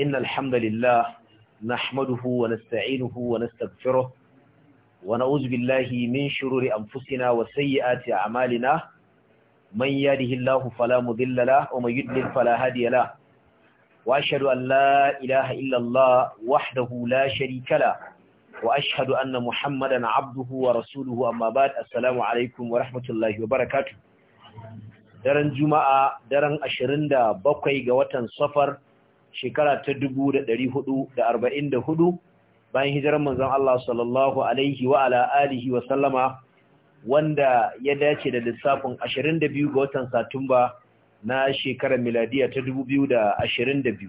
إن الحمد لله نحمده ونستعينه ونستغفره ونعوذ بالله من شرور أنفسنا وسيئات أعمالنا من يهده الله فلا مضل له ومن يضلل فلا هادي له وأشهد أن لا إله إلا الله وحده لا شريك له وأشهد أن محمدا عبده ورسوله أما بعد السلام عليكم ورحمة الله وبركاته daren juma'a daren 27 ga watan safar shekara ta hudu, bayan hijirar manzon Allah sallallahu alaihi wa'ala, alihi wa sallama wanda ya dace da lissafin 22 ga watan Satumba na shekarar miladiya ta 2022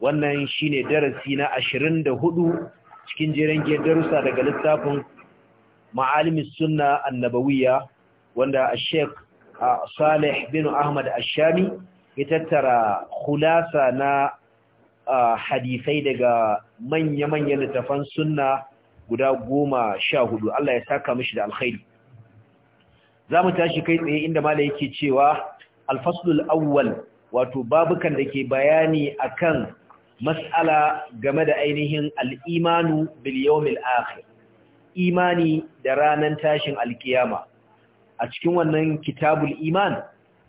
wannan shine darasi na 24 cikin jeren darusa darussa daga littafin ma'alimin sunna annabawiyya wanda Sheikh ah, Salih bin Ahmad Ashami ya tattara khulasa na hadisai daga manya-manyan littafan sunna guda goma sha hudu Allah ya saka mishi da alkhairi za mu tashi kai tsaye inda mala yake cewa alfaslul awwal wato babukan da ke bayani akan mas'ala game da ainihin al'imanu bil akhir imani da ranar tashin alkiyama a cikin wannan kitabul iman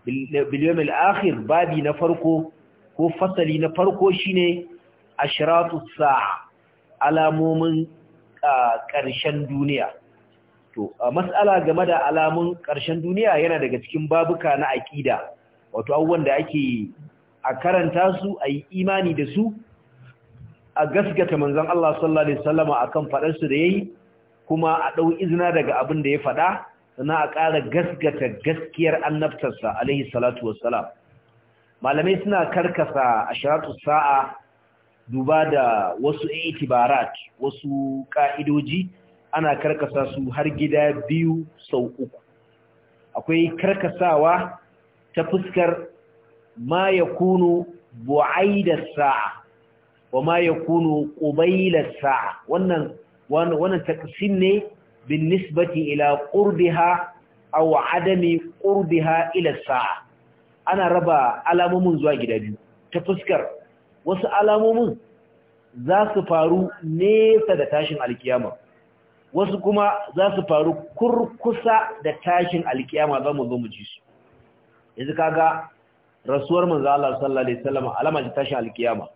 bil yawmil akhir babi na farko ko fasali na farko shine ashratu sa'a alamomin ƙarshen duniya to mas'ala game da alamun ƙarshen duniya yana daga cikin babuka na aƙida wato abubuwan da ake a karanta su a yi imani da su a gaskata manzon Allah sallallahu alaihi wasallama akan faɗar su da ya yi, kuma a ɗau izina daga abin da ya faɗa sannan a ƙara gaskata gaskiyar annabtarsa alaihi salatu wassalam malamai suna karkasa ashiratu sa'a duba da wasu itibarat wasu ka'idoji ana karkasa su har gida biyu sau uku akwai karkasawa ta fuskar ma ya kunu bu'aidar sa'a wa ma ya kunu ƙubailar sa'a wannan wannan ne bin nisbati ila qurbiha a wa'adami qurbiha ila sa'a ana raba alamomin zuwa gida biyu ta fuskar wasu alamomin za su faru nesa da tashin alkiyama wasu kuma za su faru kurkusa da tashin alkiyama za mu zo mu ji su yanzu kaga rasuwar manzo Allah sallallahu alaihi wasallam alama ce tashin alkiyama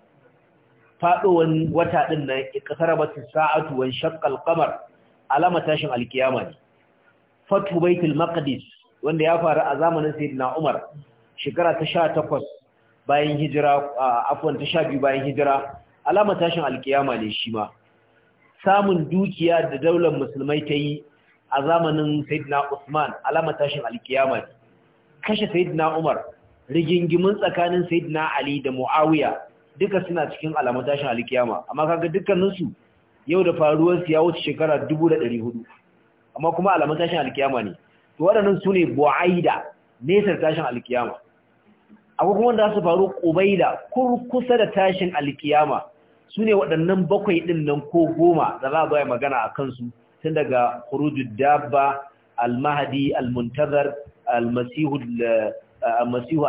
fadowan wata din nan ikasarabatu sa'atu wan shaqqal qamar alama tashin alkiyama ne fatu baitul maqdis wanda ya faru a zamanin sayyidina Umar shekara ta sha takwas bayan hijira afwan ta sha biyu bayan hijira alama tashin alkiyama ne shi ma samun dukiya da daular musulmai ta yi a zamanin sayyidina usman alama tashin alkiyama ne kashe sayyidina umar rigingimin tsakanin sayyidina ali da muawiya duka suna cikin alamun tashin alkiyama amma kaga dukkaninsu yau da faruwar su ya wuce shekara 1400 amma kuma alamun tashin alkiyama ne to waɗannan su ne bu'aida nesar tashin alkiyama akwai kuma wanda su faru da kurkusa da tashin alkiyama su ne waɗannan bakwai ɗin nan ko goma da za a magana a kansu tun daga hurujud dabba almahadi almuntazar almasihu eh,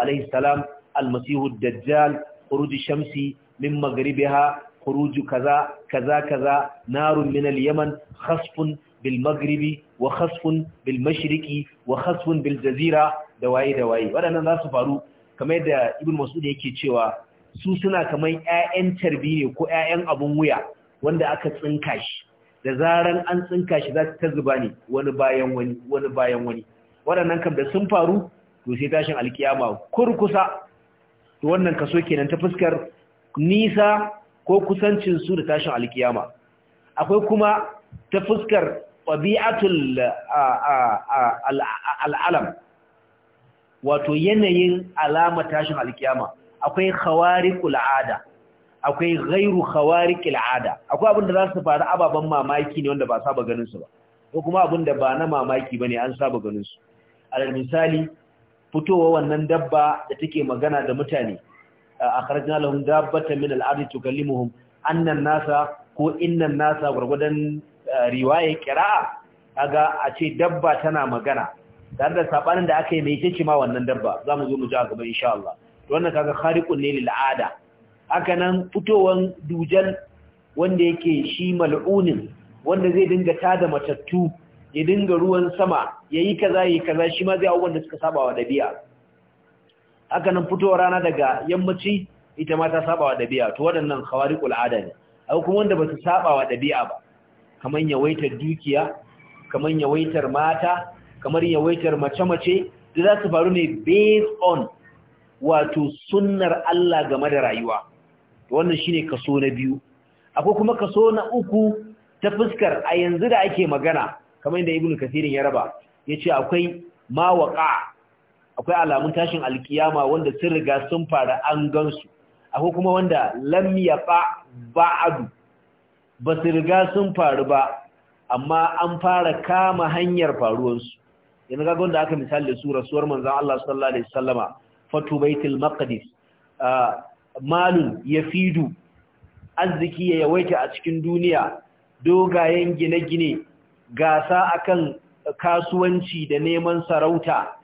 alaihi salam almasihu dajjal Kuruji shamsi min magribiha huruj kaza kaza kaza narun min yaman khasfun bil maghribi wa khasfun bil mashriqi wa khasfun bil jazira da waye da waye waɗannan za su faru kamar da ibn masud yake cewa su suna kamar ƴaƴan tarbi ne ko ƴaƴan abun wuya wanda aka tsinka shi da zaran an tsinka shi za su ta zuba ne wani bayan wani wani bayan wani waɗannan kam da sun faru to sai tashin alkiyama kurkusa to wannan kaso kenan ta fuskar nisa ko kusancin su da tashin alkiyama akwai kuma ta fuskar tabi'atul al'alam wato yanayin alama tashin alkiyama akwai khawariqul ada akwai ghairu khawariqil ada akwai abin da za su faru ababan mamaki ne wanda ba saba ganin su ba ko kuma abin da ba na mamaki bane an saba ganin su alal misali fitowa wannan dabba da take magana da mutane akhrajna lahum dabbatan min al-ardi tukallimuhum anna nasa ko inna nasa gurgudan eh, riwaya qira'a kaga a ce dabba tana magana tare da sabanin da aka yi mai tace ma wannan dabba Za mu zo mu ji a gaba insha Allah to wannan kaga khariqun ne lil ada haka nan fitowan dujal wanda yake shi mal'unin wanda zai dinga tada matattu ya dinga ruwan sama yayi kaza yayi kaza shi ma zai abubuwan da suka saba wa dabi'a haka nan fitowar rana daga yammaci ita ma ta saba wa dabi'a to waɗannan khawariqul ada ne akwai kuma wanda ba su saba wa dabi'a ba kaman yawaitar dukiya kaman yawaitar mata kamar yawaitar mace-mace da za su faru ne based on wato sunnar Allah game da rayuwa wannan shine kaso na biyu akwai kuma kaso na uku ta fuskar a yanzu da ake magana kamar yadda ibnu kasirin ya raba yace akwai mawaƙa, akwai alamun tashin alkiyama wanda sun riga sun fara an gansu akwai kuma wanda lam fa ba'adu ba su riga sun faru ba amma an fara kama hanyar faruwarsu yanzu ga gonda aka misali da su rasuwar manzan Allah sallallahu alaihi sallama, fatu baitul maqdis malun fidu, arziki ya yawaita a cikin duniya dogayen gine-gine gasa akan kasuwanci da neman sarauta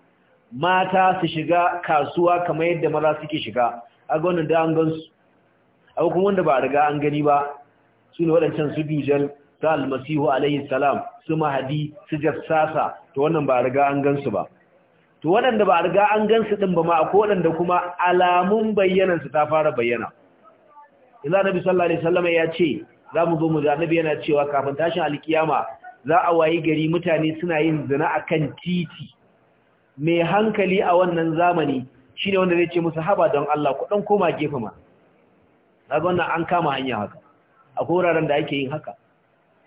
mata su shiga kasuwa kamar yadda maza suke shiga a wannan da an gansu abu kuma wanda ba a riga an gani ba su ne waɗancan su dujal su almasihu alaihi salam su mahadi su jassasa to wannan ba riga an gansu ba to waɗanda ba riga an gansu din ba ma akwai waɗanda kuma alamun bayyanan su ta fara bayyana idan nabi sallallahu alaihi wasallam ya ce za mu zo mu da nabi yana cewa kafin tashin alkiyama za a wayi gari mutane suna yin zina akan titi mai hankali a wannan zamani shine wanda zai ce musu haba don Allah ku dan koma gefe ma kaga wannan an kama hanya haka akwai wuraren da ake yin haka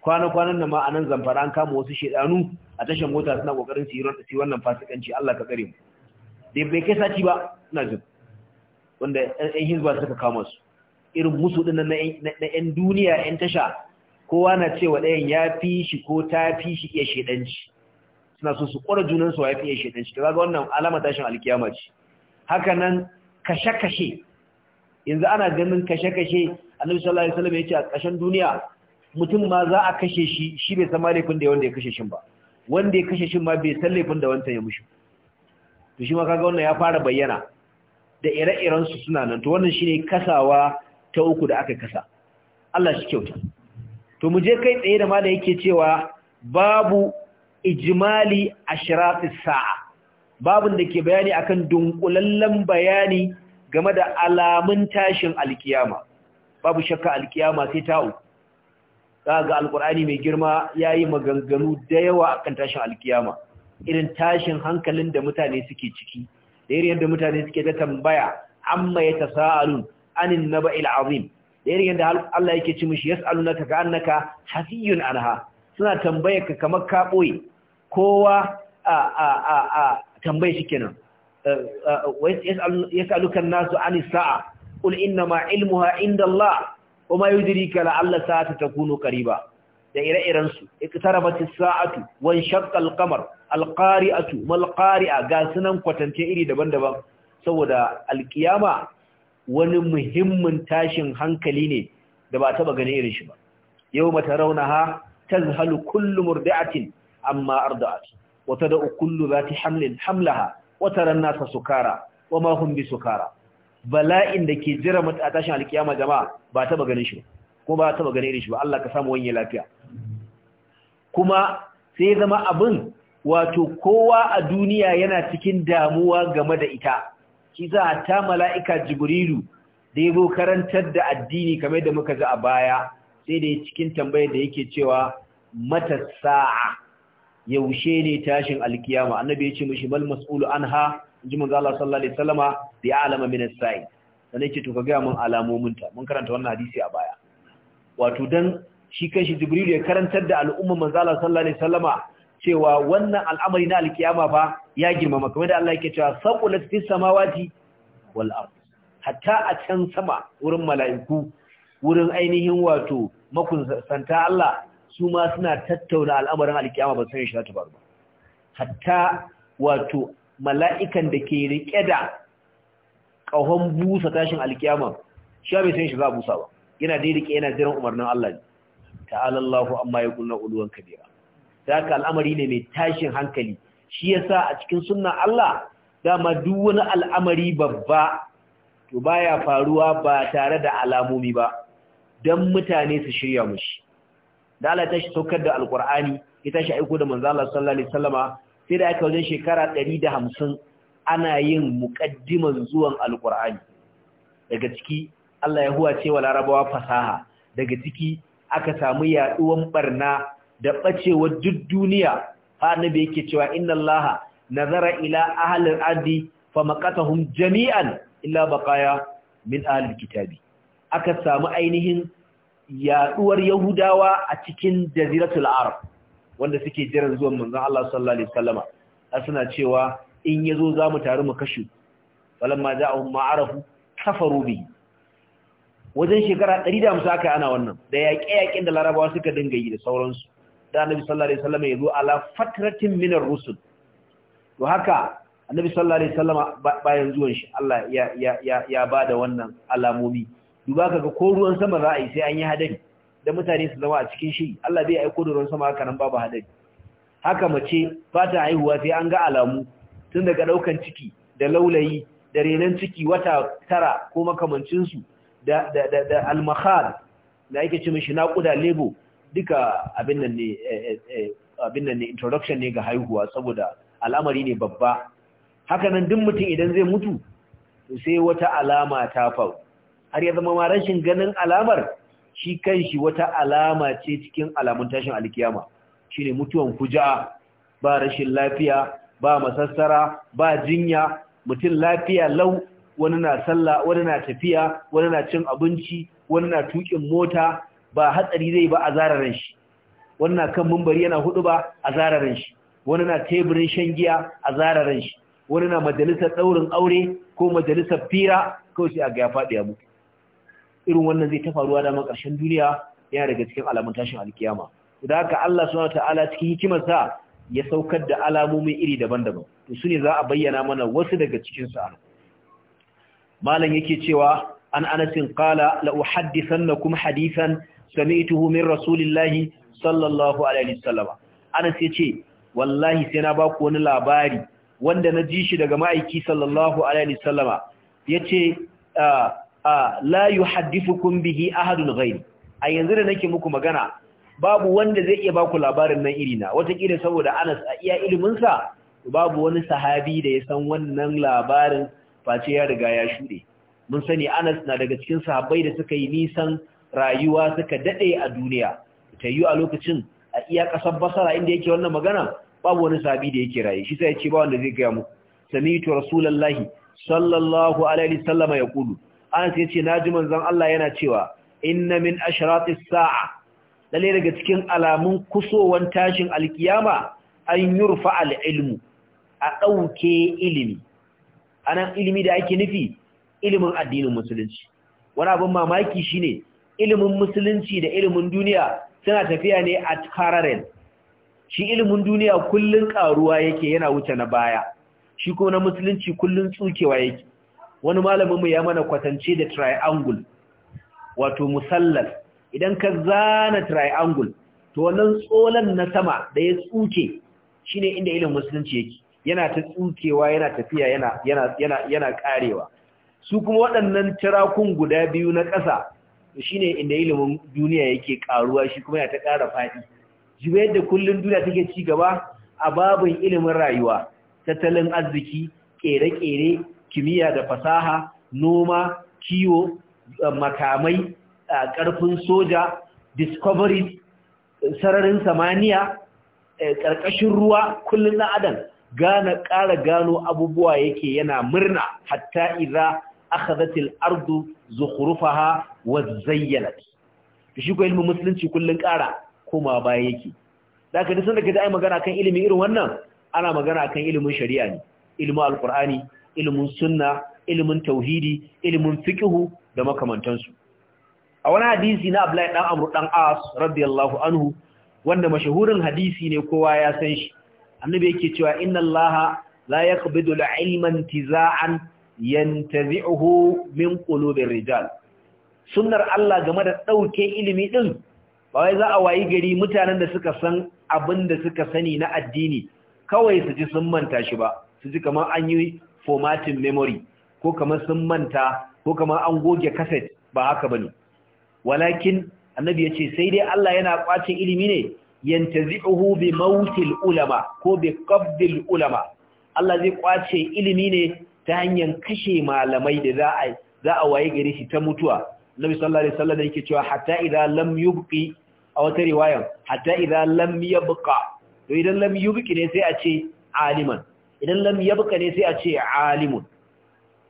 kwana-kwanan da ma a nan zamfara an kama wasu shedanu a tashan mota suna kokarin su yi wannan fasikanci Allah ka tsare mu da bai kai sati ba na jin wanda ɗan hizba suka kama su irin musu din na ɗan duniya yan tasha kowa na cewa ɗayan ya fi shi ko ta fi shi iya shedanci suna so su ƙwara junan su ya fi iya shedanci to kaga wannan alama tashin alkiyama ce haka nan kashe-kashe yanzu ana ganin kashe-kashe annabi sallallahu alaihi wasallam ya ce a ƙarshen duniya mutum ma za a kashe shi shi bai san laifin da wanda ya kashe shi ba wanda ya kashe shi ma bai san laifin da wanda ya mushi to shi ma kaga wannan ya fara bayyana da ire-iren su suna nan to wannan shine kasawa ta uku da aka kasa Allah shi kyauta to mu je kai tsaye da ma da yake cewa babu ijmali ashraqis sa'a babun da ke bayani akan dunkulallen bayani game da alamun tashin alkiyama babu shakka alkiyama sai ta uku za ga alkur'ani mai girma ya yi maganganu da yawa akan tashin alkiyama irin tashin hankalin da mutane suke ciki da irin yadda mutane suke ta tambaya amma ya tasa'alun anin naba'il azim da irin yadda Allah yake ci mishi yas'alunaka ka annaka hafiyun anha suna tambayar ka kamar ka boye kowa a a a a tambaye shi kenan eh, eh, yas'alukan nasu anis sa'a qul inna ma ilmuha inda Allah kuma yudrika la'alla ta kuno ƙariba. da ire-iren su iqtarabat as-sa'atu wa inshaqqa al-qamar al tu, mal qari'a ga sunan kwatance iri daban-daban saboda alkiyama wani muhimmin tashin hankali ne da ba taba ganin irin shi ba yau mata raunaha tazhalu kullum murdi'atin amma arda'at wa tad'u kullu zati hamlin hamlaha wata tara an-nasa sukara wa ma hum bala'in da ke jira mutu a tashin alkiyama jama'a ba taba ganin shi ko ba taba ganin irin shi ba Allah ka samu wani lafiya kuma sai zama abin wato kowa a duniya yana cikin damuwa game da ita shi za ta mala'ika jibrilu da ya karantar da addini kamar da muka ji a baya sai da cikin tambayar da yake cewa mata sa'a yaushe ne tashin alkiyama annabi ya ce mishi mal mas'ulu anha in ji manzo Allah sallallahu alaihi wasallama bi alama min as-sa'i dan yake to ka ga mun alamomin ta mun karanta wannan hadisi a baya wato dan shi kanshi jibril ya karantar da al'umma manzo Allah sallallahu alaihi wasallama cewa wannan al'amari na alkiyama fa ya girmama kamar da Allah yake cewa saqulat fis samawati wal ard hatta a can sama wurin mala'iku wurin ainihin wato Santa Allah su ma suna tattauna al'amarin alkiyama ba san shi ta faru ba hatta wato mala'ikan da ke riƙe da ƙahon busa tashin alkiyama shi bai san shi za a busa ba yana dai riƙe yana jiran umarnin Allah ne ta'alallahu amma ya kunna uluwan kabira ta haka al'amari ne mai tashin hankali shi yasa a cikin sunna Allah dama duk wani al'amari babba to baya faruwa ba tare da alamomi ba don mutane su shirya mushi da Allah ta shi saukar da alkur'ani ya tashi aiko da manzo Allah sallallahu alaihi wasallama sai da aka wajen shekara ɗari da hamsin ana yin muƙaddiman zuwan alƙur'ani daga ciki Allah ya huwa cewa larabawa fasaha daga ciki aka samu yaɗuwar ɓarna da ɓacewar duk duniya fa annabi yake cewa inna nazarar nazara ila ahlil ardi fa jami'an illa baqaya min ahli kitabi aka samu ainihin yaɗuwar yahudawa a cikin jaziratul arab wanda suke jiran zuwan manzon Allah sallallahu alaihi wasallama har suna cewa in yazo zamu taru mu kashe falamma ja'ahum ma'arafu kafaru bi wajen shekara 150 aka ana wannan da yaƙe-yaƙen da larabawa suka dinga yi da sauransu da annabi sallallahu alaihi wasallama yazo ala fatratin min ar-rusul to haka annabi sallallahu alaihi wasallama bayan zuwan shi Allah ya ya ya bada wannan alamomi duba kaga ko ruwan sama za a yi sai an yi hadari da mutane su zama a cikin shi, Allah bai aiko da ruwan sama haka nan babu hadari haka mace ba ta haihuwa sai an ga alamu tun daga daukan ciki da laulayi da renan ciki wata tara ko makamancinsu, su da da da, da almahal da ake ce lebo duka abin nan ne eh, eh, eh, abin nan ne introduction ne ga haihuwa saboda al'amari ne babba haka nan duk mutum idan zai mutu sai wata alama ta faru har ya zama ma rashin ganin alamar shi kan shi wata alama ce cikin alamun tashin alkiyama ne mutuwan kuja, ba rashin lafiya ba masassara ba jinya mutum lafiya lau wani na wani na tafiya wani na cin abinci wani na tukin mota ba hatsari zai ba a zararin shi wani na kan mumbari yana hudu ba a zararin shi wani na teburin shan giya a zararin shi wani na majalisar daurin aure ko majalisar fira kawai sai a ga ya faɗi a mutu irin wannan zai ta faruwa da makarshen duniya yana daga cikin alamun tashin alkiyama da haka Allah subhanahu ta'ala cikin hikimarsa ya saukar da alamomi iri daban-daban to su ne za a bayyana mana wasu daga cikin su an malam yake cewa an anasin qala la uhaddithannakum hadithan sami'tuhu min rasulillahi sallallahu alaihi wasallam anas yace wallahi sai na baku wani labari wanda na ji shi daga ma'aiki sallallahu alaihi wasallama yace ah, la yuhaddithukum bihi ahadun ghayri a yanzu da nake muku magana babu wanda zai iya baku labarin nan irina wataƙila saboda Anas a iya ilimin sa babu wani sahabi da ya san wannan labarin face ya riga ya shude mun sani Anas na daga cikin sahabbai da suka yi nisan rayuwa suka daɗe a duniya ta yi a lokacin a iya kasar basara inda yake wannan magana babu wani sahabi da yake raye shi sai ya ce ba wanda zai ga mu sami'tu rasulullahi sallallahu alaihi ya yaqulu Anas ya ce na ji manzon Allah yana cewa inna min ashratis sa'a lalle daga cikin alamun kusowan tashin alkiyama an yurfa al’ilmu, ilmu a ɗauke ilimi anan ilimi da ake nufi ilimin addinin musulunci wani abin mamaki shine ilimin musulunci da ilimin duniya suna tafiya ne a tararren. shi ilimin duniya kullun karuwa yake yana wuce na baya shi kuma na musulunci kullun tsukewa yake wani malamin mu ya mana kwatance da triangle wato musallal idan ka zana triangle to wannan tsolan na sama da ya tsuke shine inda ilimin musulunci yake yana ta tsukewa yana tafiya yana yana yana yana karewa su kuma waɗannan tirakun guda biyu na ƙasa shine inda ilimin duniya yake karuwa shi kuma ya ta ƙara faɗi jibe yadda kullun duniya take ci gaba a babin ilimin rayuwa tattalin arziki kere-kere kimiyya da fasaha noma kiwo eh, makamai eh, ƙarfin soja discovery sararin samaniya eh, ƙarƙashin ruwa kullum na adam gane ƙara gano abubuwa yake yana murna hatta idza akhadhatil ardu zukhrufaha wa zayyanat shi ko ilmin musulunci kullum ƙara koma baya yake zaka da sanda da kaje ai magana kan ilimin irin wannan ana magana kan ilimin shari'a ne ilimin alqur'ani ilimin sunna ilimin tauhidi ilimin fiqhu da makamantansu a wani hadisi na Abdullahi dan Amr dan As radiyallahu anhu wanda mashahurin hadisi ne kowa ya san shi annabi yake cewa inna allaha la yaqbidu al-ilma intiza'an yantazi'uhu min qulubir rijal sunnar Allah game da dauke ilimi din ba wai za a wayi gari mutanen da suka san abin da suka sani na addini kawai su ji sun manta shi ba su ji kamar an yi Fomatin memory ko kamar sun manta ko kamar an goge cassette ba haka bane walakin annabi yace sai dai Allah yana kwace ilimi ne yantazi'uhu bi mautil ulama ko bi qabdil ulama Allah zai kwace ilimi ne ta hanyar kashe malamai da za a za a waye gare shi ta mutuwa Nabi sallallahu alaihi wasallam yake cewa hatta idza lam yubqi a wata riwayan hatta idza lam yabqa to idan lam yubqi ne sai a ce aliman idan lam yabqa ne sai a ce alimun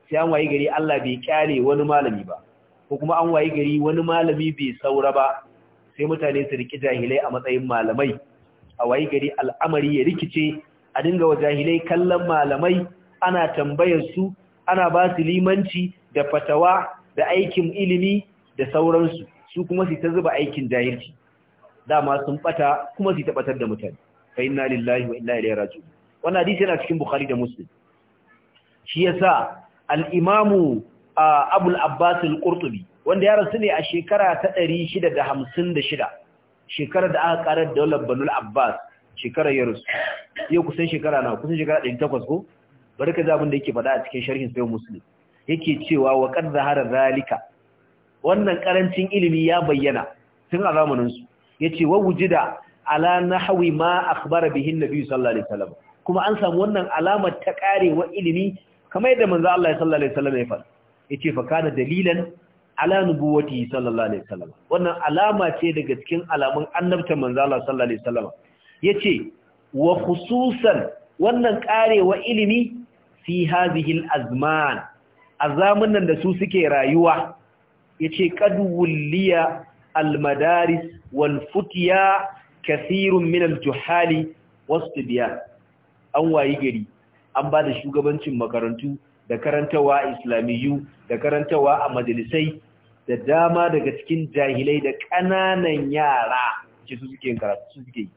sai an wayi gari Allah bai kyale wani malami ba ko kuma an wayi gari wani malami bai saura ba sai mutane su riki jahilai a matsayin malamai a wayi gari al'amari ya rikice a dinga wa jahilai kallon malamai ana tambayar su ana ba su limanci da fatawa da aikin ilimi da sauransu su kuma su ta zuba aikin jahilci dama sun bata kuma su ta batar da mutane fa inna lillahi wa inna ilaihi raji'un wannan hadisi yana cikin bukhari da muslim shi yasa al-imamu abul abbas al-qurtubi wanda ya rasu ne a shekara ta 656 shekarar da aka karar daular banul abbas shekarar ya rasu yau kusan shekara na kusan shekara 800 ko Barka ka zabin da yake faɗa a cikin sharhin sayo muslim yake cewa wa qad zahara zalika wannan karancin ilimi ya bayyana tun a zamanin su yace wa wujida ala nahwi ma akhbara bihi an-nabi sallallahu alaihi wasallam kuma an samu wannan alamar ta karewa ilimi kamar yadda manzo Allah sallallahu alaihi wasallam ya faɗa yace fa kana dalilan ala nubuwati sallallahu alaihi wasallam wannan alama ce daga cikin alamun annabta manzo Allah sallallahu alaihi wasallam yace wa khususan wannan karewa ilimi fi hadhihi al-azman azamin da su suke rayuwa yace qad wulliya al-madaris wal futiya kathirun min al-juhali was an wayi gari an ba da shugabancin makarantu da karantawa a da karantawa a majalisai da dama daga cikin jahilai da ƙananan yara ce su suke karatu su suke yi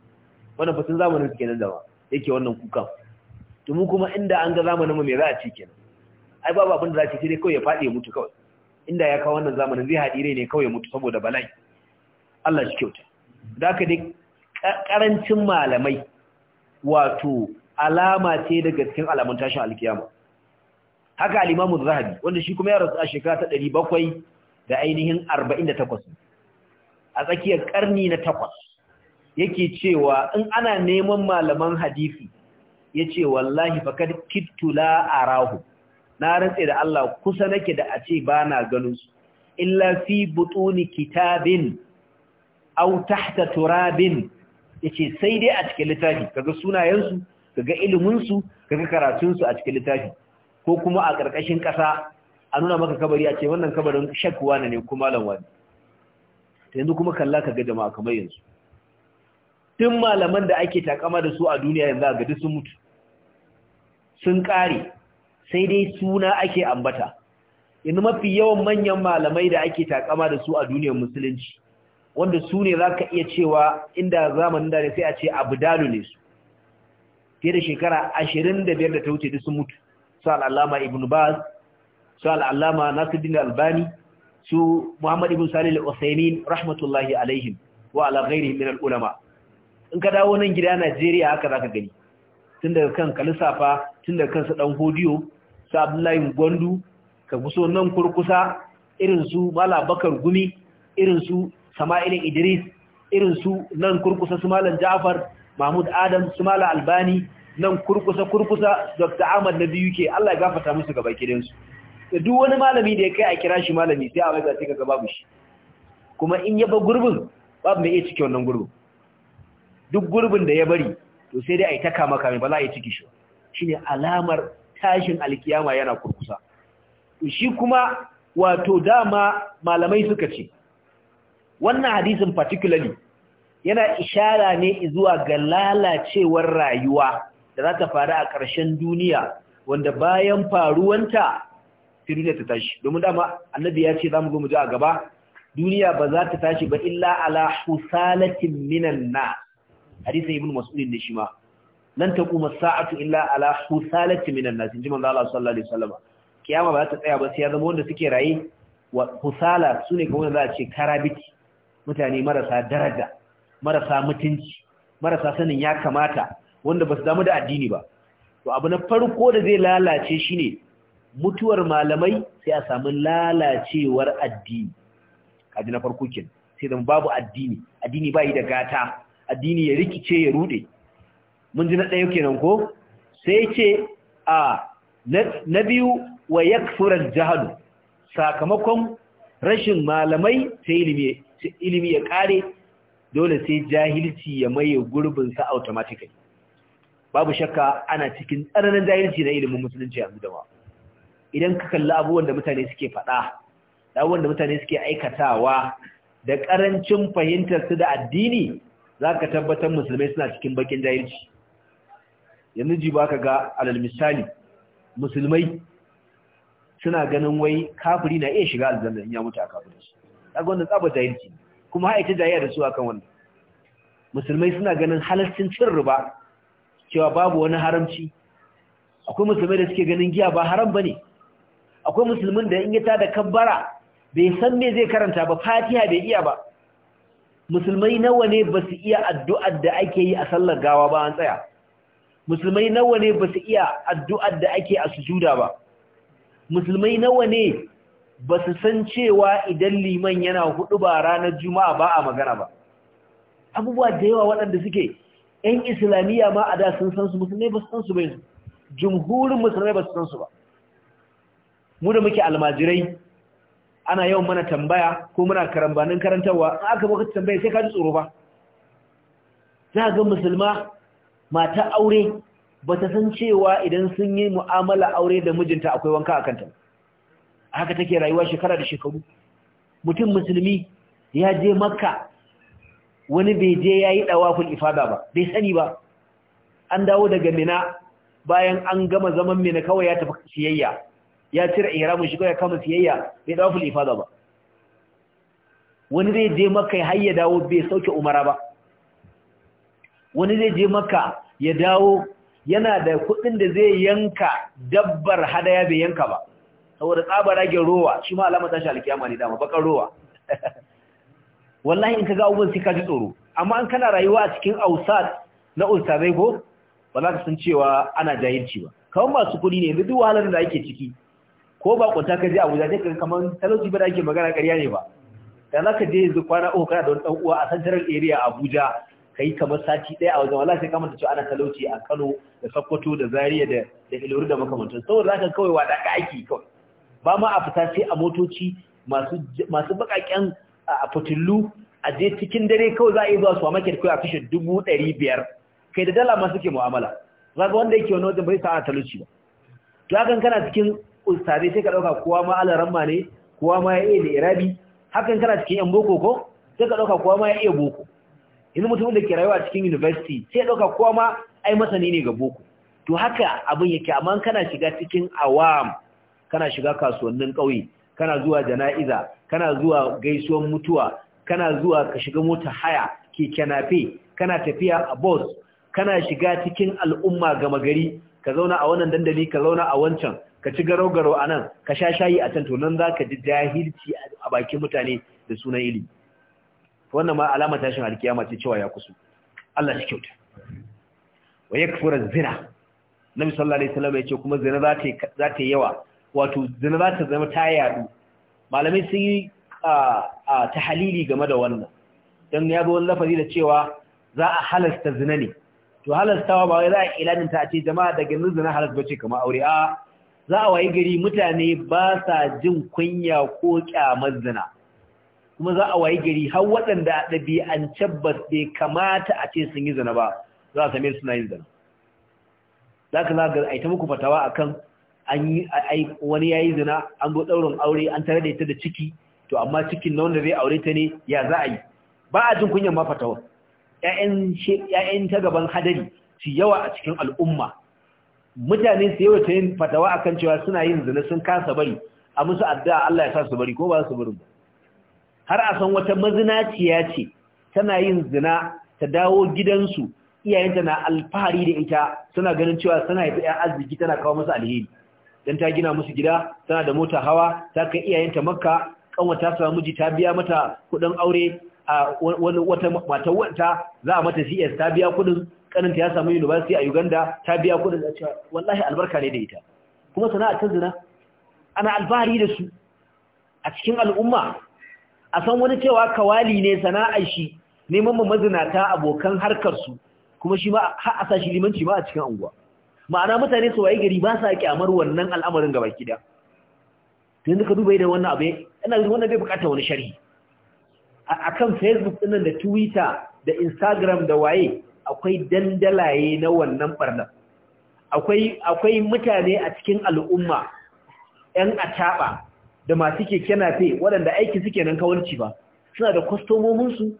wannan fasin zamanin suke nan dama yake wannan kukan to mu kuma inda an ga zamanin mu me za a ci kenan ai babu abin da za a ci sai dai kawai ya faɗi ya mutu kawai inda ya kawo wannan zamanin zai haɗi rai ne kawai ya mutu saboda bala'i Allah shi kyauta da ka dai ƙarancin malamai wato alama ce daga cikin alamun tashin alkiyama haka al-imamu zahabi wanda shi kuma ya rasu a shekara ta 700 da ainihin 48 a tsakiyar karni na 8 yake cewa in ana neman malaman hadisi yace wallahi fakad kittu la arahu na rantse da Allah kusa nake da a ce bana ganin su illa fi butuni kitabin aw tahta turabin yace sai dai a cikin littafi kaga sunayensu Ka kaga iliminsu kaga karatunsu a cikin littafi ko kuma a ƙarƙashin ƙasa a nuna maka kabari a ce wannan kabarin shakwa ne kuma lanwani ta yanzu kuma kalla ka ga jama'a kamar yanzu tun malaman da ake takama da su a duniya yanzu a gadi sun mutu sun ƙare sai dai suna ake ambata yanzu mafi yawan manyan malamai da ake takama da su a duniyar musulunci wanda su ne za ka iya cewa inda zamanin da ne sai a ce abu ne su fiye da shekara ashirin da biyar da ta wuce duk sun mutu su al'allama ibn baz su al'allama nasiruddin albani su muhammad ibn salih al-usaimin rahmatullahi alaihim wa ala ghairihim min ulama in ka dawo nan gida Najeriya haka zaka gani tun daga kan kalisafa tun daga kan su dan hodiyo su abdullahi gwandu ka guso nan kurkusa irin su mala bakar gumi irin su sama'ilin idris irin su nan kurkusa su malam ja'far mahmud adam sumala albani nan kurkusa kurkusa dr ahmad na biyu ke allah ya gafata musu gaba su da duk wani malami da ya kai a kira shi malami sai a wajen sai ga babu shi kuma in ya ba gurbin babu mai iya cikin wannan gurbin duk gurbin da ya bari to sai dai a ta kama kame ba za a yi ciki shi shine alamar tashin alkiyama yana kurkusa shi kuma wato dama malamai suka ce wannan hadisin particularly yana ishara ne zuwa ga lalacewar rayuwa da za ta faru a ƙarshen duniya wanda bayan faruwanta sai duniya ta tashi domin dama annabi ya ce za mu zo mu a gaba duniya ba za ta tashi ba illa ala husalatin minan na hadisin ibn mas'ud ne shi ma lan taquma sa'atu illa ala husalatin minan nas jima manzo Allah sallallahu alaihi wasallam kiyama ba za ta tsaya ba sai ya zama wanda suke raye wa husala sune kamar za a ce karabiti mutane marasa daraja marasa mutunci marasa sanin ya kamata wanda ba su damu da addini ba to abu na farko da zai lalace shine mutuwar malamai sai a samu lalacewar addini kaji na farko kin sai zama babu addini addini ba yi da gata addini ya rikice ya rude mun ji na ɗaya kenan ko sai ce a na biyu wa yakfuran jahalu sakamakon rashin malamai sai ilimi ya ƙare. dole sai jahilci ya maye gurbin gurbinsa automatically babu shakka ana cikin tsananin jahilci na ilimin musulunci yanzu da ba idan ka kalli abubuwan da mutane suke faɗa da abubuwan da mutane suke aikatawa da ƙarancin fahimtar su da addini za ka tabbatar musulmai suna cikin bakin jahilci yanzu ji ba ka ga alal misali musulmai suna ganin wai kafiri na iya shiga aljanna in ya mutu a kafirci kaga wannan tsabar jahilci ne kuma ita jayya da su akan wannan musulmai suna ganin halaccin cin riba cewa babu wani haramci akwai musulmai da suke ganin giya ba haram bane akwai musulmin da in ya tada kabbara bai san me zai karanta ba fatiha bai iya ba musulmai nawa ne ba su iya addu'ar da ake yi a sallar gawa ba an tsaya musulmai nawa ne ba su iya addu'ar da ake a sujuda ba musulmai nawa ne ba su san cewa idan liman yana hudu ba ranar juma'a ba a magana ba abubuwa da yawa waɗanda suke 'yan islamiyya ma a da sun san su musulmai ba su san su bai jumhurin musulmai ba su san su ba mu da muke almajirai ana yawan mana tambaya ko muna karambanin karantarwa in aka baka tambaya sai ka ji tsoro ba za ga musulma mata aure ba ta san cewa idan sun yi mu'amala aure da mijinta akwai wanka a kanta ba haka take rayuwa shekara da shekaru mutum musulmi ya je makka wani bai je ya yi ɗawafin ifada ba bai sani ba an dawo daga mina bayan an gama zaman mina kawai ya tafi siyayya ya cire ihramin shi ya kama siyayya bai ɗawafin ifada ba wani zai je makka har ya dawo bai sauke umara ba wani zai je makka ya dawo yana da kuɗin da zai yanka dabbar hadaya bai yanka ba saboda tsaba rage rowa shi ma alama tashi alkiyama ne dama bakar rowa wallahi in ka ga abubuwan sai ka ji tsoro amma in kana rayuwa a cikin ausat na ustazai ko ba za ka san cewa ana jahilci ba kawan masu kuɗi ne duk wahalar da ake ciki ko ba kwanta ka je Abuja sai ka kaman talauci ba da ake magana ƙarya ne ba da za ka je yanzu kwana uku kana da wani ɗan uwa a central area Abuja ka yi kamar sati ɗaya a wajen wallahi sai ka manta cewa ana talauci a Kano da Sokoto da Zaria da da Ilori da makamantan saboda za ka kawai wada aiki kawai ba ma a fita sai a motoci masu bakaken a fitillu a je cikin dare kawai za a yi zuwa su a makar kawai a kashe dubu ɗari biyar kai da dala masu ke mu'amala za ga wanda yake wani wajen bai sa'a talauci ba to hakan kana cikin ustare sai ka ɗauka kowa ma ramma ne kowa ma ya iya da irabi hakan kana cikin yan boko ko sai ka ɗauka kowa ma ya iya boko yanzu mutumin da ke rayuwa cikin university sai ya ɗauka kowa ma ai masani ne ga boko to haka abin yake amma kana shiga cikin awam kana shiga kasuwannin ƙauye kana zuwa jana'iza kana zuwa gaisuwan mutuwa kana zuwa ka shiga mota haya keke nafe kana tafiya a bus kana shiga cikin al'umma gama gari ka zauna a wannan dandali ka zauna a wancan ka ci garau-garau a nan ka sha shayi a can to nan za ka ji jahilci a bakin mutane da sunan ili wannan ma alama tashin alkiyama ce cewa ya kusu Allah shi kyauta wa yakfura zina nabi sallallahu alaihi wasallam ya ce kuma zina za ta yi yawa wato zina za ta zama ta yaɗu. malamai sun yi ta halili game da wannan don ya bi wani lafazi da cewa za a halasta zina ne to halastawa ba wai za a ilanin ta ce jama'a daga nan zina halas bace kamar aure a za a wayi gari mutane ba sa jin kunya ko kyamar zina kuma za a wayi gari har waɗanda a ɗabi'ance ba kamata a ce sun yi zina ba za a same suna yin zina za ka za ga ta muku fatawa kan. wani ya yi zina an zo ɗaurin aure an tare da ita da ciki to amma cikin na wanda zai aure ta ne ya za a yi ba a jin kunyan ma fatawar ‘ya'yan ta gaban hadari su yawa a cikin al'umma mutane su yawa ta yin fatawa a kan cewa suna yin zina sun kasa bari a musu addu'a Allah ya sa su bari ko ba su bari ba har a san wata mazinaciya ce tana yin zina ta dawo gidansu iyayenta na alfahari da ita suna ganin cewa suna haifi ‘yan arziki tana kawo masu alheri dan ta gina musu gida tana da mota hawa ta kai iyayenta makka kanwa ta samu miji ta biya mata kudin aure a wani wata mata wanta za a mata CS ta biya kudin kaninta ya samu university a Uganda ta biya kudin da cewa wallahi albarka ne da ita kuma sana'a ta zina ana alfahari da su a cikin al'umma a san wani cewa kawali ne sana'ar shi neman mazinata abokan harkar su kuma shi ma har a sa shi limanci ma a cikin unguwa. ma'ana mutane su waye gari ba sa kyamar wannan al'amarin gaba gida yanzu ka duba da wannan abu ina ga wannan bai bukata wani sharhi a kan facebook din da twitter da instagram da waye akwai dandalaye na wannan barna akwai akwai mutane a cikin al'umma yan ataba da masu keke nafe waɗanda aiki suke nan kawalci ba suna da kwastomominsu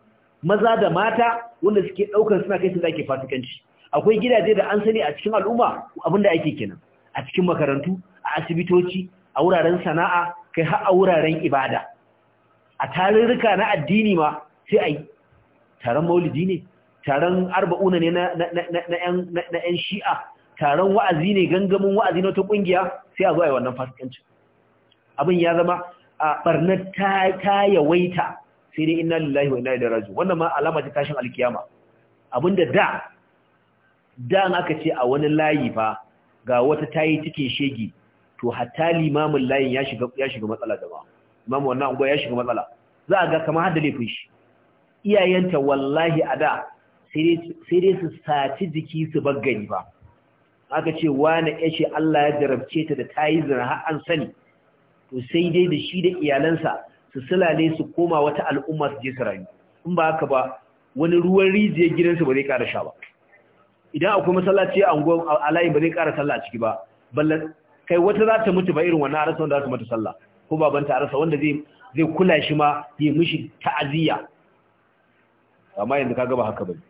maza da mata wanda suke ɗaukar suna kai su da ake fasikanci akwai gidaje da an sani a cikin al'umma abinda ake kenan a cikin makarantu a asibitoci a wuraren sana'a kai har a wuraren ibada a tarurruka na addini ma sai a yi taron maulidi ne taron arba'una ne na yan shi'a taron wa'azi ne gangamin wa'azi na wata kungiya sai a zo a yi wannan fasikanci abin ya zama a barnar ta yawaita sai dai inna lillahi wa inna ilaihi raji'un wannan ma alama ta tashin alkiyama da da dan aka ce a wani layi fa ga wata tayi cikin shege to hatta limamin layin ya shiga ya shiga matsala da ba imamu wannan unguwa ya shiga matsala za a ga kamar hadda laifin shi iyayenta wallahi a da sai dai su saci jiki su baggari ba aka ce wani yace Allah ya jarabce ta da tayi zina har an sani to sai dai da shi da iyalansa su sulale su koma wata al'umma su je su rayu in ba haka ba wani ruwan rijiyar gidansu ba zai kara sha ba idan akwai masallaci a unguwar alayi ba zai ƙara sallah a ciki ba ballan kai wata za ta mutu ba irin wannan arasa wanda za ta mata sallah ko babanta arasa wanda zai zai kula shi ma ya mishi ta'aziyya amma yanzu kaga ba haka bane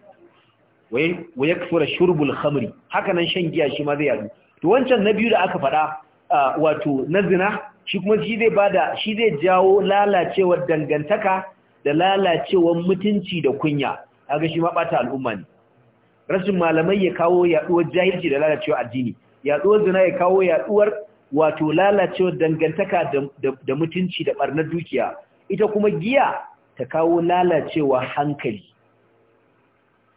wai wa yakfura shurbul khamri haka nan shan giya shi ma zai yazo to wancan na biyu da aka faɗa wato na zina shi kuma shi zai bada shi zai jawo lalacewar dangantaka da lalacewar mutunci da kunya kaga shi ma bata al'umma ne rashin malamai ya kawo yaduwar jahilci da lalacewa addini yaduwar zina ya kawo yaduwar wato lalacewar dangantaka da mutunci da barnar dukiya ita kuma giya ta kawo lalacewa hankali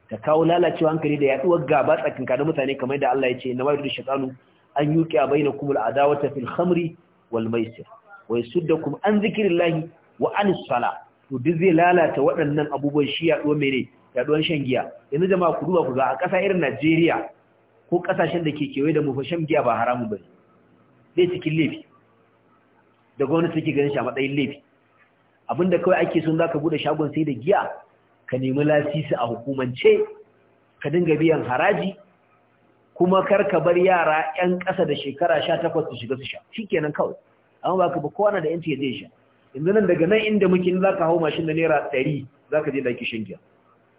ta kawo lalacewa hankali da yaduwar gaba tsakankanin mutane kamar da Allah ya ce na da shaytanu an baina bainakum al'adawata fil khamri wal maisir wa yasuddukum an zikrillahi wa anis sala to duk zai lalata waɗannan abubuwan shi yaduwar mene yaduwar shan giya yanzu jama'a ku duba ku ga a ƙasa irin Najeriya ko ƙasashen da ke kewaye da mu shan giya ba haramun bane dai cikin laifi da gwamnati take ganin shi a matsayin laifi abinda kawai ake za zaka bude shagon sai da giya ka nemi lasisi a hukumance ka dinga biyan haraji kuma kar ka bar yara 'yan ƙasa da shekara 18 su shiga su sha shikenan kawai amma ba ka ba kowa na da yanci ya je sha yanzu nan daga nan inda muke za zaka hau mashin da naira 100 zaka je da kishin giya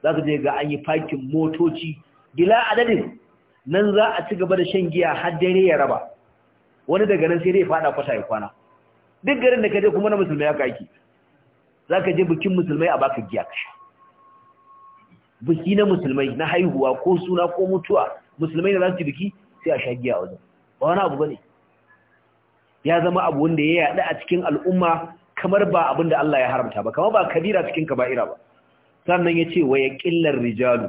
za ka je ga an yi fakin motoci gila adadin nan za a ci gaba da shan giya har dare ya raba wani daga nan sai dai fada kwata ya kwana duk garin da ka je kuma na musulmai haka yake za ka je bikin musulmai a baka giya kasha biki na musulmai na haihuwa ko suna ko mutuwa musulmai da za su biki sai a sha giya a wajen ba wani abu bane ya zama abu wanda ya yaɗu a cikin al'umma kamar ba abin da Allah ya haramta ba kamar ba kabira cikin kaba'ira ba sannan ya ce wa ya ƙillar rijalu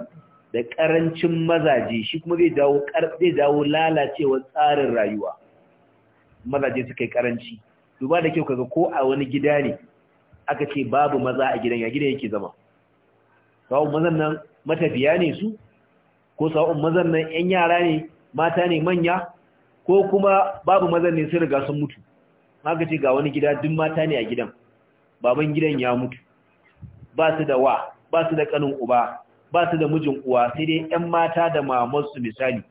da ƙarancin mazaje shi kuma zai dawo ƙarfe dawo lalacewar tsarin rayuwa mazaje suka yi ƙaranci duba da kyau kaga ko a wani gida ne aka ce babu maza a gidan ya gidan yake zama sawun mazan nan matafiya ne su ko sawun mazan nan 'yan yara ne mata ne manya ko kuma babu mazan ne sun riga sun mutu haka ce ga wani gida duk mata ne a gidan baban gidan ya mutu ba su da wa ba su da kanin uba ba su da mijin uwa sai dai 'yan mata da mamansu misali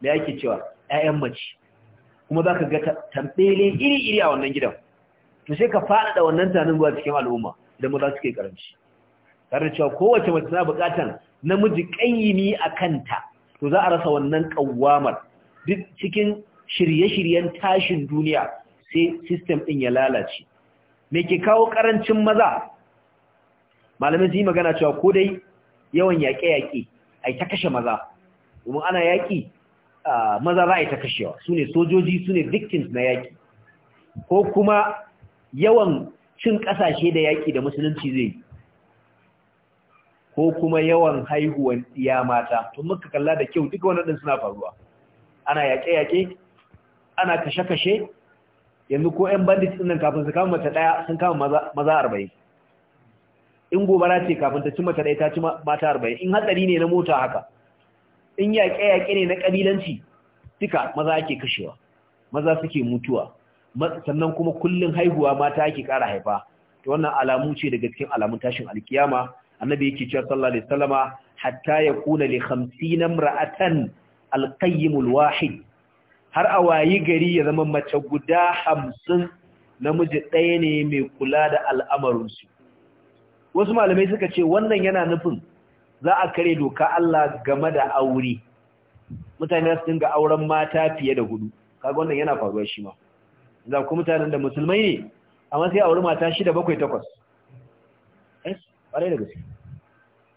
da yake cewa 'ya'yan mace kuma za ka ga tambele iri-iri a wannan gidan to sai ka faɗaɗa wannan tanin zuwa cikin al'umma idan maza su kai karanci tare da cewa kowace mace tana buƙatar namiji ƙayyini a kanta to za a rasa wannan ƙawamar duk cikin shirye-shiryen tashin duniya sai sistem ɗin ya lalace me ke kawo ƙarancin maza malamai su yi magana cewa ko dai yawan yaƙe-yaƙe a ta kashe maza domin ana yaƙi maza za a yi ta kashewa su ne sojoji su ne victims na yaƙi ko kuma yawan cin ƙasashe da yaƙi da musulunci zai yi ko kuma yawan haihuwan iya mata tun muka kalla da kyau duka wannan suna faruwa ana yaƙe-yaƙe ana kashe-kashe yanzu ko 'yan bandit ɗin nan kafin su kama mace ɗaya sun kama maza arba'in in gobara ce kafin ta ci mata ɗaya ta ci mata arba'in in hatsari ne na mota haka in yaƙe-yaƙe ne na ƙabilanci duka maza ake kashewa maza suke mutuwa sannan kuma kullum haihuwa mata ake ƙara haifa Ta wannan alamu ce daga cikin alamun tashin alkiyama annabi yake cewa sallallahu alaihi wasallama hatta yakuna li 50 mra'atan alqayyim alwahid har a wayi gari ya zama mace guda 50 namiji ɗaya ne mai kula da su wasu malamai suka ce wannan yana nufin za a kare doka Allah game da aure mutane su dinga auren mata fiye da hudu kaga wannan yana faruwa shi ma za ku mutanen da musulmai ne amma sai aure mata shida bakwai takwas eh bare da gaske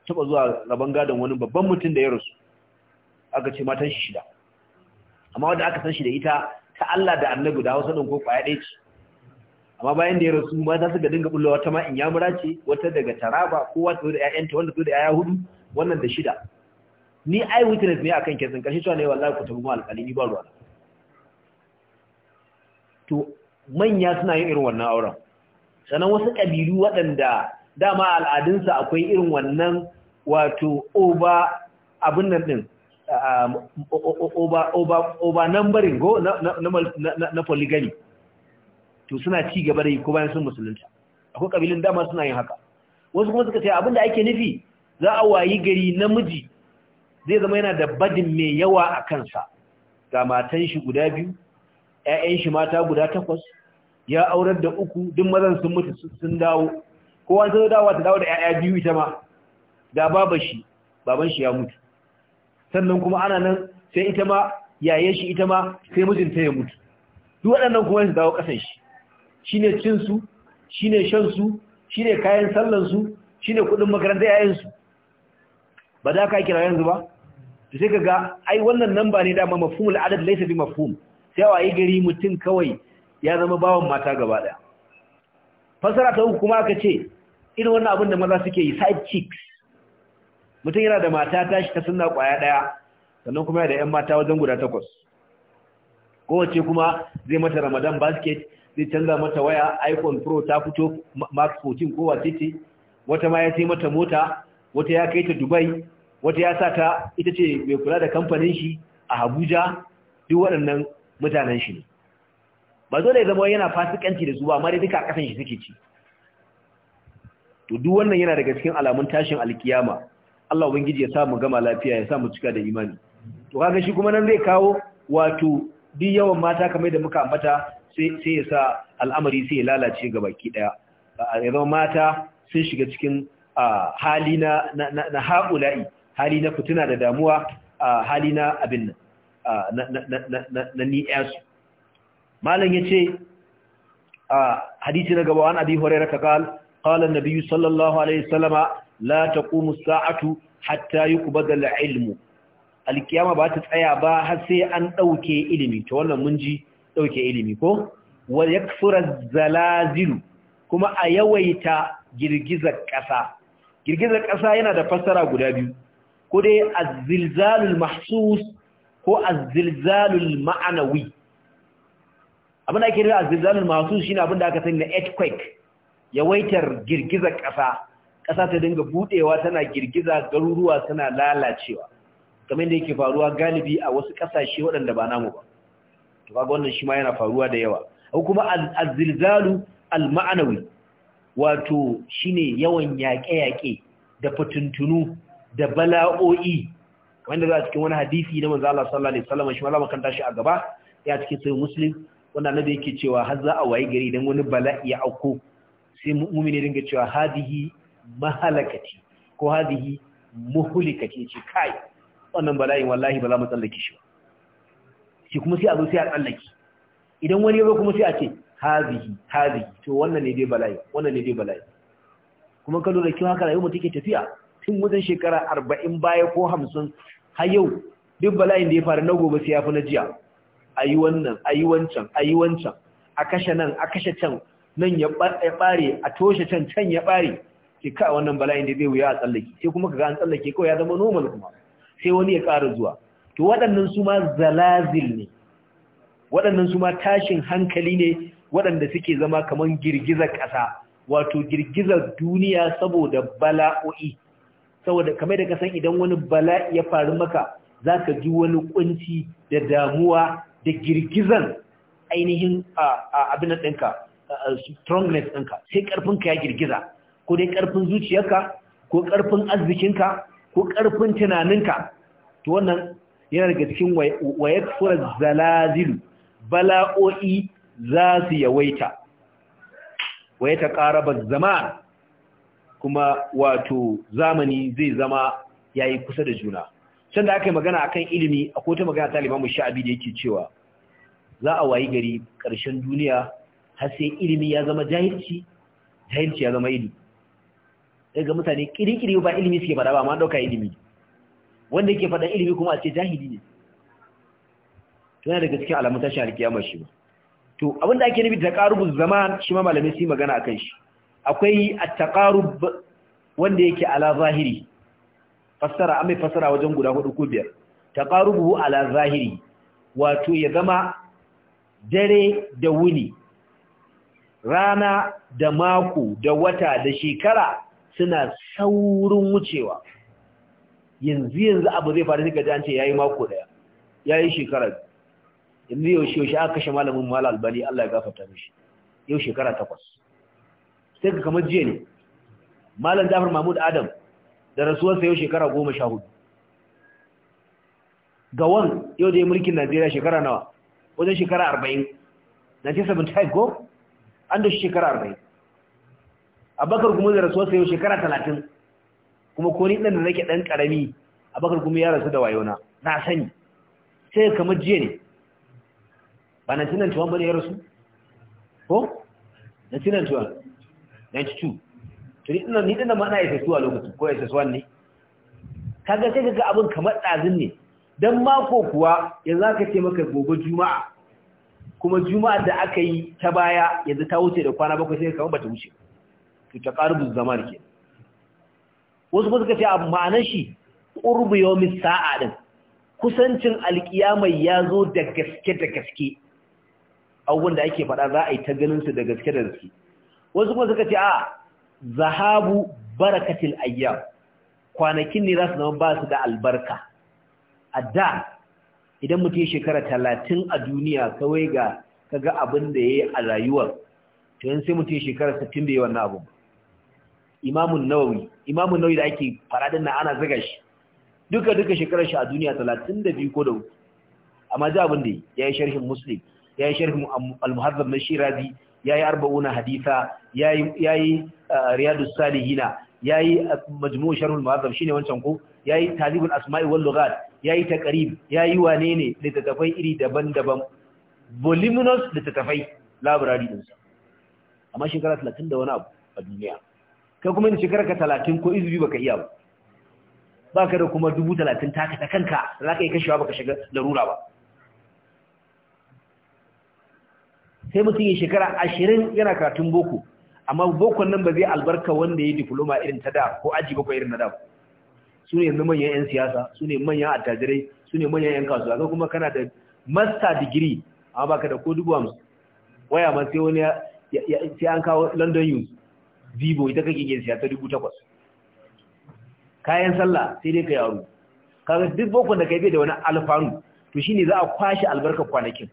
tuba zuwa gaban gadon wani babban mutum da ya rasu aka ce matan shi shida amma wanda aka san shi da ita ta Allah da Annabi da Hausa din ko kwaya ɗaya ce amma bayan da ya rasu ma za su ga dinga bullowa ta ma in mura ce wata daga taraba kowa ta da ƴaƴanta wanda ta da ƴaƴa hudu wannan da shida ni ai witness ne akan kesin karshe cewa ne wallahi ku tabu alƙali ni ba ruwa to manya suna yin irin wannan auren Sanan wasu kabilu waɗanda dama al'adunsa akwai irin wannan wato oba abin nan ɗin oba numbering go na polygamy to suna ci gaba da yi ko bayan sun musulunta akwai kabilun dama suna yin haka wasu kuma suka ce abinda ake nufi za a wayi gari namiji zai zama yana da badin mai yawa a kansa ga matan shi guda biyu ƴaƴan shi mata guda takwas ya aurar da uku duk mazan sun mutu sun dawo kowa ta dawo ta dawo da ƴaƴa biyu ita ma ga baban shi baban shi ya mutu sannan kuma ana nan sai ita ma yaye shi ita ma sai mijinta ya mutu duk waɗannan kuma su dawo ƙasan shi shine cin su shine shan su shine kayan sallan su shine kudin makarantar yayin su ba za ka kira yanzu ba to sai ga, ai wannan nan ba ne dama mafhumul adad laysa bi mafhum sai wa gari mutun kawai ya zama bawan mata gaba daya fasara ta uku kuma aka ce irin wannan abin da maza suke yi side chicks mutum yana da mata tashi ta sunna kwaya daya sannan kuma yana da yan mata wajen guda takwas kowace kuma zai mata ramadan basket zai canza mata waya iphone pro ta fito max 14 ko wace ce wata ma ya sai mata mota wata ya kai ta dubai wata ya sa ta ita ce mai kula da kamfanin shi a abuja duk waɗannan mutanen shi ne ba dole ya zama yana fasikanci da zuwa amma dai duka a kasan shi suke ci to duk wannan yana daga cikin alamun tashin alkiyama Allah ubangiji ya sa mu gama lafiya ya sa mu cika da imani to kaga shi kuma nan zai kawo wato duk yawan mata kamar da muka ambata sai ya sa al'amari sai ya lalace ga baki ɗaya a zama mata sun shiga cikin hali na haƙula'i hali na fituna da damuwa hali na abin nan na ni'yasu malam ya ce hadisi na gaba wani abin horaira ka kal kalan na biyu sallallahu alaihi salama la ta ƙumu sa'atu hatta yi ku ilmu alkiyama ba ta tsaya ba har sai an ɗauke ilimi ta wannan mun ji ɗauke ilimi ko wa yakthura zalazilu kuma a yawaita girgizar ƙasa girgizar ƙasa yana da fassara guda biyu ko dai az-zilzalul mahsus ko a zilzalul ma'anawi abin da ake rira az-zilzalul mahsus shine abin da aka sani na earthquake yawaitar girgizar ƙasa ƙasa ta dinga buɗewa, tana girgiza garuruwa tana lalacewa kamar yadda yake faruwa galibi a wasu ƙasashe waɗanda ba namu ba to kaga wannan shi ma yana faruwa da yawa ko kuma az-zilzalu al-ma'nawi wato shine yawan yaƙe-yaƙe da fatuntunu da bala'o'i wanda za a cikin wani hadisi na manzo Allah sallallahu alaihi wasallam shi malama kan tashi a gaba ya cikin sai muslim wanda annabi yake cewa har za a wayi gari dan wani bala'i ya auko sai mu'mini dinga cewa hadihi mahalakati ko hadihi muhlikati ce kai wannan bala'in wallahi ba za mu tsallake shi ba shi kuma sai a zo sai a tsallake idan wani ya kuma sai a ce hazihi hazihi to wannan ne dai bala'i wannan ne dai bala'i kuma ka lura kin haka rayuwar take tafiya tun wajen shekara 40 baya ko 50 har yau duk bala'in da ya faru na gobe sai ya fi na jiya ayi wannan ayi wancan ayi wancan a kashe nan a kashe can nan ya bare a toshe can can ya bare sai ka wannan bala'in da zai wuya a tsallake sai kuma kaga an tsallake kawai ya zama normal kuma sai wani ya ƙara zuwa to waɗannan su ma zalazil ne waɗannan su ma tashin hankali ne waɗanda suke zama kamar girgizar ƙasa wato girgizar duniya saboda bala'o'i saboda kamar da kasan idan wani bala'i ya faru maka za ka ji wani kunci da damuwa da girgizan ainihin abin ɗinka strongness ɗinka sai ƙarfinka ya girgiza ko dai ƙarfin zuciyarka ko ƙarfin arzikinka ko ƙarfin tunaninka to wannan yana daga cikin wayat furar zalazil bala'o'i za su yawaita wayata ƙarabar zama kuma wato zamani zai zama yayi kusa da juna can da aka yi magana akan ilimi akwai ta magana ta mu sha'abi da yake cewa za a wayi gari ƙarshen duniya har sai ilimi ya zama jahilci jahilci ya zama ilimi daga mutane kirikiri ba ilimi suke fada ba ma dauka ilimi wanda yake faɗan ilimi kuma a ce jahili ne to yana daga cikin alamun tashin alkiyama shi ba to abin ake nufi da taqarubuz zaman shi ma malamai su magana akan shi akwai at-taqarub wanda yake ala zahiri fassara amma fassara wajen guda hudu ko biyar taqarubu ala zahiri wato ya zama dare da wuni rana da mako da wata da shekara suna saurin wucewa yanzu yanzu abu zai faru suka ji an ce yayi mako daya yayi shekara yanzu yaushe yaushe aka kashe malamin mal albani Allah ya gafarta mishi yau shekara takwas sai ka kamar jiya ne malam Jafar Mahmud Adam da rasuwarsa yau shekara goma sha hudu gawan yau da ya mulkin Najeriya shekara nawa wajen shekara arba'in 1975 ko an da shekara arba'in abakar kuma da rasuwarsa yau shekara talatin kuma ko ni ɗan nake ɗan ƙarami abakar kuma ya rasu da wayona na sani sai kamar jiya ne ba 1991 ba ne ya rasu ko? 1991 92 tuni ina ni ɗin ma na isa suwa lokaci ko isa suwan ne kaga sai kaga abin kamar ɗazin ne don mako kuwa yanzu ka ce maka gobe juma'a kuma juma'a da aka yi ta baya yanzu ta wuce da kwana bakwai sai kamar bata wuce to ta ƙarubin zama da kenan wasu kuma suka ce a ma'anar shi qurbu yawmis sa'a din kusancin alkiyama ya zo da gaske da gaske abubuwan da ake faɗa za a yi ta ganin su da gaske da gaske wasu kuma suka ce a zahabu barakatil ayyam kwanakin ne za su zama ba su da albarka a da idan mutum ya shekara talatin a duniya kawai ga kaga abin da ya yi a rayuwar to yanzu sai mutum ya shekara sittin da yi wannan abin imamun nawawi imamun nawawi da ake faradin na ana zaga shi duka duka shekarar shi a duniya 32 ko da wuce. amma ji abin da ya yi sharhin muslim ya yi sharhin al-muhazzab na shirazi ya yi arba'una haditha ya yi uh, riyadus salihina ya yi uh, majmu sharhul muhazzab shine wancan ko ya yi talibul asma'i wal lughat ya yi taqrib ya yi wane ne tatafai iri daban-daban voluminous tatafai library din sa amma shekarar 30 da wani abu a duniya kai kuma in shekarar ka talatin ko izubi baka iya ba ba ka da kuma dubu talatin taka ta kanka za ka yi kashewa baka shiga larura ba sai mutum yi shekara ashirin yana karatun boko amma bokon nan ba zai albarka wanda ya yi diploma irin ta da ko aji bakwai irin na da su ne manyan 'yan siyasa su ne manyan attajirai su ne manyan 'yan kasuwa ga kuma kana da master digiri amma baka da ko dubu hamsin waya ma sai wani sai an kawo london youth vivo ita kake yin siya ta dubu takwas kayan sallah sai dai ka yaro kaga duk bakon da kai bai da wani alfanu, to shine za a kwashi albarkar kwanakin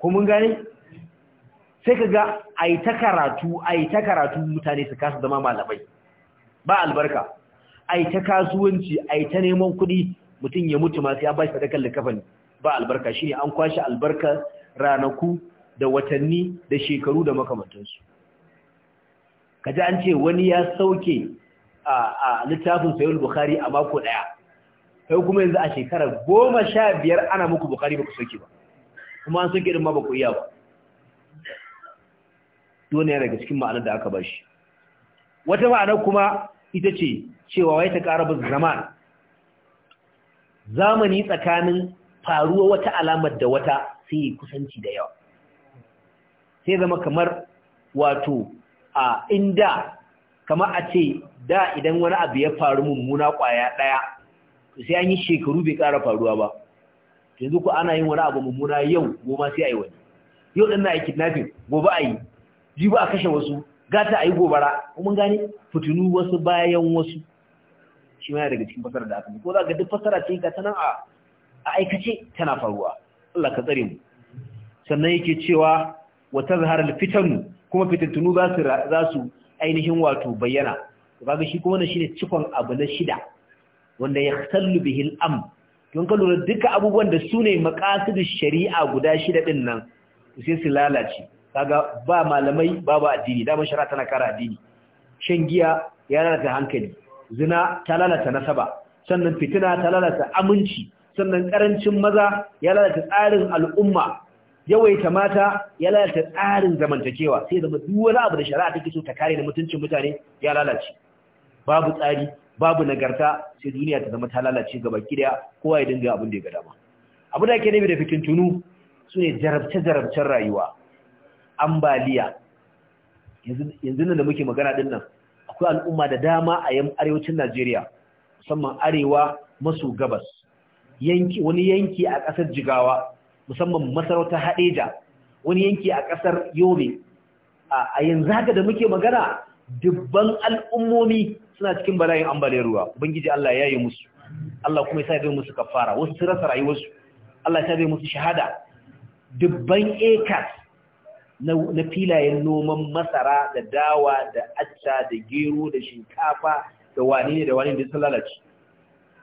ko mun gane sai kaga ai ta karatu ai ta karatu mutane su kasa zama malamai ba albarka ai ta kasuwanci ai ta neman kuɗi mutum ya mutu ma sai an bashi sadakar likafani ba albarka shine an kwashi albarkar ranaku da watanni da shekaru da makamantansu kaji an ce wani ya sauke a littafin sayul bukhari a mako daya sai kuma yanzu a shekara goma sha biyar ana muku bukhari ba sauke ba kuma an sauke din ma ba iya ba dole ne daga cikin ma'anar da aka bashi. wata ma'ana kuma ita ce cewa wai ta ƙaraba zaman zamani tsakanin faruwa wata alamar da wata sai kusanci da yawa sai zama kamar wato a inda kama a ce da idan wani abu ya faru mummuna kwaya ɗaya to sai an yi shekaru bai ƙara faruwa ba yanzu ku ana yin wani abu mummuna yau goma sai a yi wani yau ɗin na yi kidnapping gobe a yi ji ba a kashe wasu gata a yi gobara kuma gane fitinu wasu bayan wasu shi ma daga cikin fasara da aka ko za ga duk fasara ce ga tanan a aikace tana faruwa Allah ka tsare mu sannan yake cewa wa tazhar fitanu kuma fitattunu za su ainihin wato bayyana kaga shi kuma na shine cikon abu na shida wanda ya sallu am don ka lura duka abubuwan da sune ne shari'a guda shida din nan sai su lalace kaga ba malamai ba ba addini da shari'a tana kara addini shan giya ya lalata hankali zina ta lalata nasaba sannan fitina ta lalata aminci sannan karancin maza ya lalata tsarin al'umma yawaita mata ya lalata tsarin zamantakewa sai zama duk wani abu da shari'a take so ta kare da mutuncin mutane ya lalace babu tsari babu nagarta sai duniya ta zama ta lalace gaba gida kowa ya dinga abin da ya ga dama abu da ake nabi da fikin tunu sune jarabce jarabcen rayuwa ambaliya yanzu nan da muke magana din nan akwai al'umma da dama a yan arewacin Najeriya musamman arewa maso gabas wani yanki a ƙasar Jigawa musamman masarautar haɗeja, wani yanki a ƙasar yobe a yanzu haka da muke magana dubban al'ummomi suna cikin bala'in ambaliyar ruwa ubangiji Allah ya yi musu Allah kuma ya sa musu kafara wasu su rasa rayuwarsu Allah ya sa musu shahada dubban acres na filayen noman masara da dawa da acca da gero da shinkafa da wane ne da wane ne sun lalace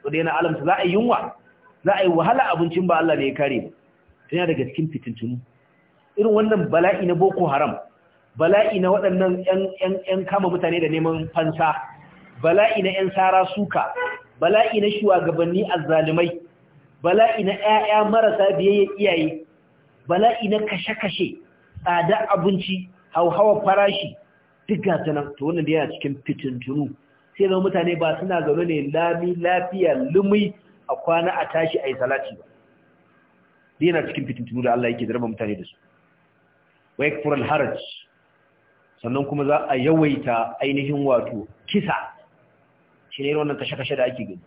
to da yana alamta za a yi yunwa za a yi wahala abincin ba Allah ne ya kare yana daga cikin fitintunu irin wannan bala'i na boko haram bala'i na waɗannan ‘yan kama mutane da neman fansa bala'i na ‘yan sara suka bala'i na shugabanni azzalumai bala'i na ‘ya'ya marasa biyayya iyaye bala'i na kashe-kashe tsada abinci hauhawa farashi duk gata nan to wannan da yana cikin fitintunu sai zama mutane ba suna zaune ne lami lafiya lumi a kwana a tashi a yi salati ba da yana cikin fitintunu da Allah yake raba mutane da su wa yakfur al-haraj sannan kuma za a yawaita ainihin wato kisa shi ne wannan kashe-kashe da ake gani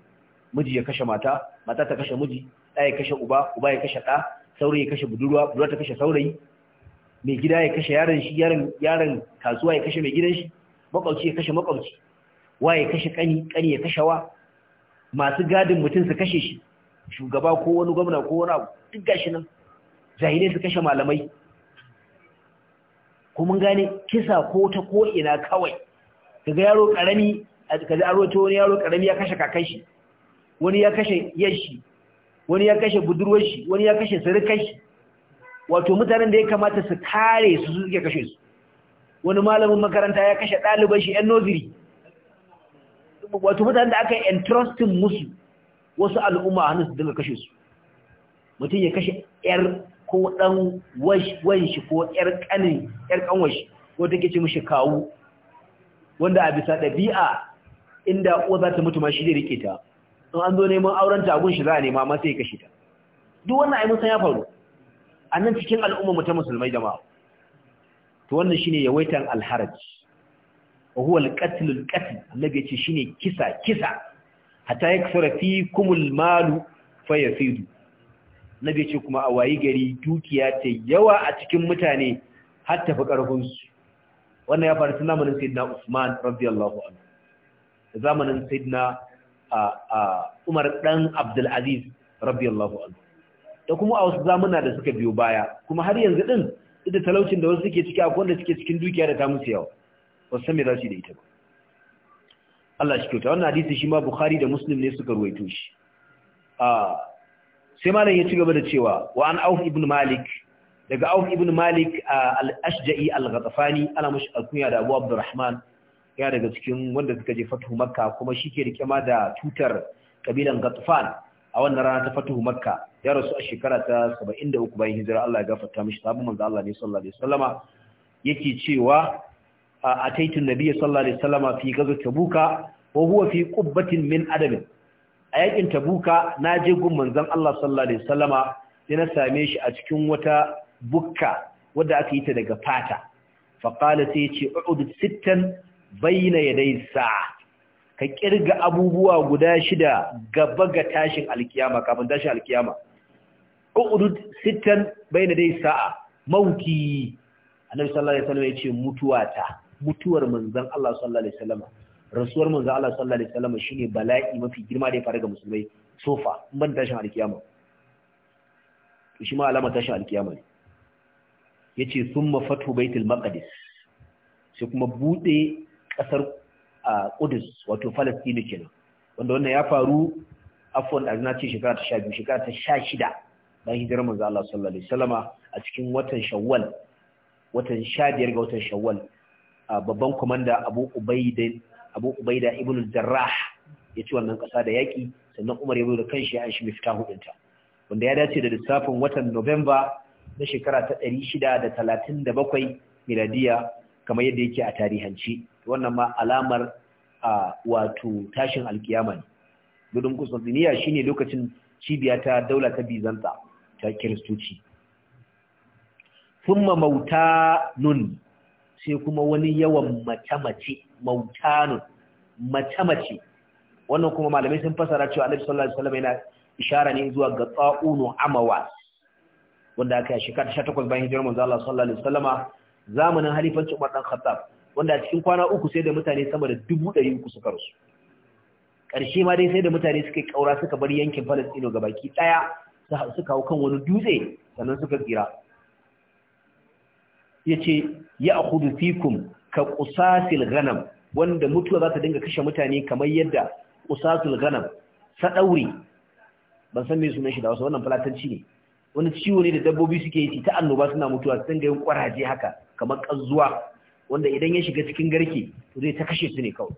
miji ya kashe mata mata ta kashe miji da ya kashe uba uba ya kashe ɗa saurayi ya kashe budurwa budurwa ta kashe saurayi mai gida ya kashe yaron shi yaron yaron kasuwa ya kashe mai gidan shi makwabci ya kashe makwabci wa ya kashe kani kani ya kashe wa masu gadin mutum su kashe shi shugaba ko wani gwamna ko wani abu duk gashi nan jahilai su kashe malamai ko mun gane kisa ko ta ko ina kawai kaga yaro karami kaji an roto wani yaro karami ya kashe kakan shi wani ya kashe yan shi wani ya kashe budurwar shi wani ya kashe sirikar shi wato mutanen da ya kamata su kare su suke kashe su wani malamin makaranta ya kashe ɗaliban shi yan noziri wato mutanen da aka yi entrusting musu wasu al'umma a hannun su dinga kashe su mutum ya kashe yar ko dan wanshi ko yar kanin yar kanwashi ko take ce mishi kawu wanda a bisa ɗabi'a inda uwa za ta mutu ma shi zai rike ta in an zo neman auren ta shi za a nema ma sai ya kashe ta duk wannan ai mun san ya faru a nan cikin al'umma mu ta musulmai ma to wannan shine yawaitan alharaj wa huwa alqatl alqatl annabi ce shine kisa kisa hatta kumul malu almalu fayafidu nabi ce kuma a wayi gari dukiya ta yawa a cikin mutane har tafi karfin su wannan ya faru tun zamanin sayyidina Usman radiyallahu anhu da zamanin sayyidina Umar dan Abdul Aziz radiyallahu anhu da kuma a wasu zamuna da suka biyo baya kuma har yanzu din duk da talaucin da wasu suke ciki akwai wanda suke cikin dukiya da ta musu yawa wasu san me za su yi da ita ba Allah shi kyauta wannan hadisi shi ma Bukhari da Muslim ne suka ruwaito shi ah sai malam ya ci gaba da cewa wa an Auf ibn Malik daga Auf ibn Malik al-Ashja'i al-Ghatafani ana mushi alkunya da Abu Abdurrahman ya daga cikin wanda suka je fatuhu Makka kuma shi ke rike ma da tutar kabilan Ghatafan a wannan rana ta fatuhu Makka ya rasu a shekara ta 73 bayan hijira Allah ya gafarta mishi sabon manzo Allah ne sallallahu alaihi wasallama yake cewa ataitu Nabiya sallallahu alaihi wasallam fi gazo tabuka wa huwa fi qubbatin min adam a yakin tabuka naje gun manzon Allah sallallahu alaihi wasallam sai na same shi a cikin wata bukka wadda aka yi ta daga fata qala sai ya ce u'ud sittan bayna yaday sa'a ka kirga abubuwa guda shida gaba ga tashin alkiyama kafin tashin alkiyama u'ud sittan bayna yaday sa'a mauti annabi sallallahu alaihi wasallam ya ce mutuwata mutuwar manzon Allah sallallahu alaihi wasallam rasuwar manzon Allah sallallahu alaihi wasallam shine bala'i mafi girma da ya faru ga musulmai sofa in ban tashin alkiyama to shi ma alama tashin alkiyama ne yace thumma fatu baitul maqdis shi kuma bude kasar Qudus wato Palestine kenan wanda wannan ya faru afwan da na ce shekara ta 12 shekara ta 16 bayan hijirar manzo Allah sallallahu alaihi wasallam a cikin watan Shawwal watan 15 ga watan Shawwal babban komanda Abu Ubaida Abu Ubaida ibn Jarrah ya ci wannan kasa da yaki sannan Umar ya zo da kanshi ya shi miftahu dinta wanda ya dace da lissafin watan November na shekara ta 637 miladiya kamar yadda yake a tarihanci wannan ma alamar a wato tashin alkiyama ne gudun Constantinople shine lokacin cibiya ta daula ta Bizanta ta Kiristoci thumma mauta nun sai kuma wani yawan mace-mace mautanun mace-mace wannan kuma malamai sun fasara cewa alif sallallahu alaihi wasallam yana ishara ne zuwa ga tsa'unu amawas wanda aka yi shekara 18 bayan hijirar manzo Allah sallallahu alaihi wasallama zamanin halifanci Umar dan Khattab wanda a cikin kwana uku sai da mutane sama da uku suka rasu karshe ma dai sai da mutane suka kaura suka bar yankin Palestine gabaki daya suka hau kan wani dutse sannan suka tsira yace ya akhudhu fikum ka qusasil ghanam wanda mutuwa za ta dinga kashe mutane kamar yadda qusasul ghanam sadauri ban san me sunan shi da wasu wannan falatanci ne wani ciwo ne da dabbobi suke yi ta annoba suna mutuwa su dinga yin kwaraje haka kamar kanzuwa wanda idan ya shiga cikin garke to zai ta kashe su ne kawai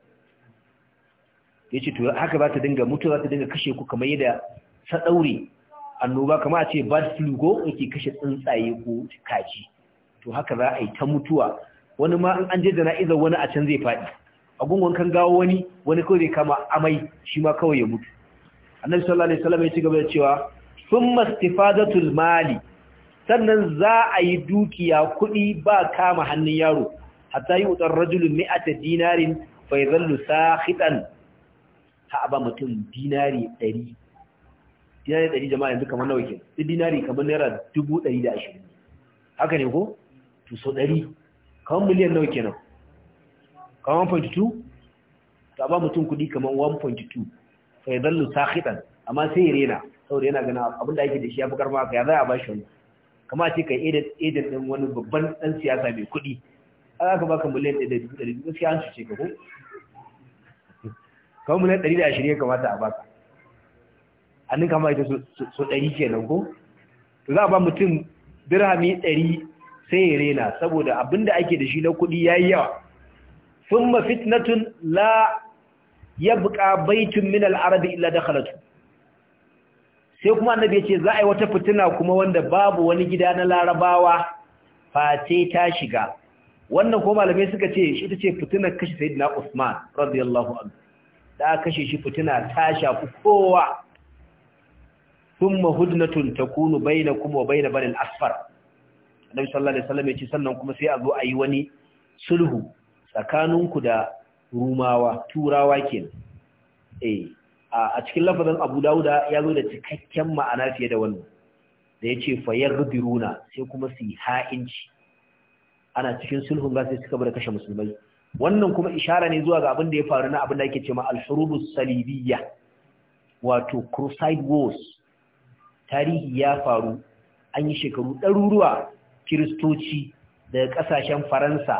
yace to haka za ta dinga mutuwa za ta dinga kashe ku kamar yadda sadauri annoba kamar a ce bad flu go yake kashe tsuntsaye ko kaji to haka za a yi ta mutuwa wani ma in an je jana'iza wani a can zai faɗi a gungun kan gawo wani wani kawai zai kama amai shi ma kawai ya mutu annabi sallallahu alaihi wasallam ya ci gaba da cewa thumma istifadatul mali sannan za a yi dukiya kuɗi ba kama hannun yaro hatta yi utar rajulun mi'ata dinarin fa yadhallu sahitan ha ba mutum dinari 100 dinari 100 jama'a yanzu kamar nawa kenan dinari kamar naira 120 haka ne ko to so ɗari kawan miliyan nawa kenan kawon 1.2 ta ba mutum kudi kamar 1.2 sai ya zallu sahitan amma sai ya rena saboda yana gana abinda da ake da shi ya fi karfa ka ya zai a ba shi wani kama ce ka edan ɗin wani babban ɗan siyasa mai kuɗi ka ba baka miliyan ɗaya da dubu ɗari ce gaskiya an ka ko kawan miliyan ɗari da ashirin ya kamata a baka hannun kama ita so ɗari kenan ko to za a ba mutum dirhami ɗari sai ya rena saboda abinda ake da shi na kuɗi yayi yawa thumma fitnatun la yabqa baitun min al'arabi illa da halatu sai kuma annabi ya ce za a yi wata fitina kuma wanda babu wani gida na larabawa face ta shiga wannan kuma malamai suka ce shi ta ce fitinar kashe sayyidina Usman radiyallahu anhu da kashe shi fitina ta shafi kowa Sun ta hudnatun bai na kuma, bai na barin asfar annabi sallallahu alaihi wasallam ya ce sannan kuma sai a zo a yi wani sulhu tsakaninku da rumawa turawa kenan eh a cikin lafazin Abu Dawuda ya zo da cikakken ma'ana fiye da wannan da yace fayaghdiruna sai kuma su ha'inci ana cikin sulhun ga sai suka bar kashe musulmai wannan kuma ishara ne zuwa ga abin da ya faru na abin da yake cewa al-hurubus salibiyya wato crusade wars tarihi ya faru an yi shekaru ɗaruruwa kiristoci daga kasashen faransa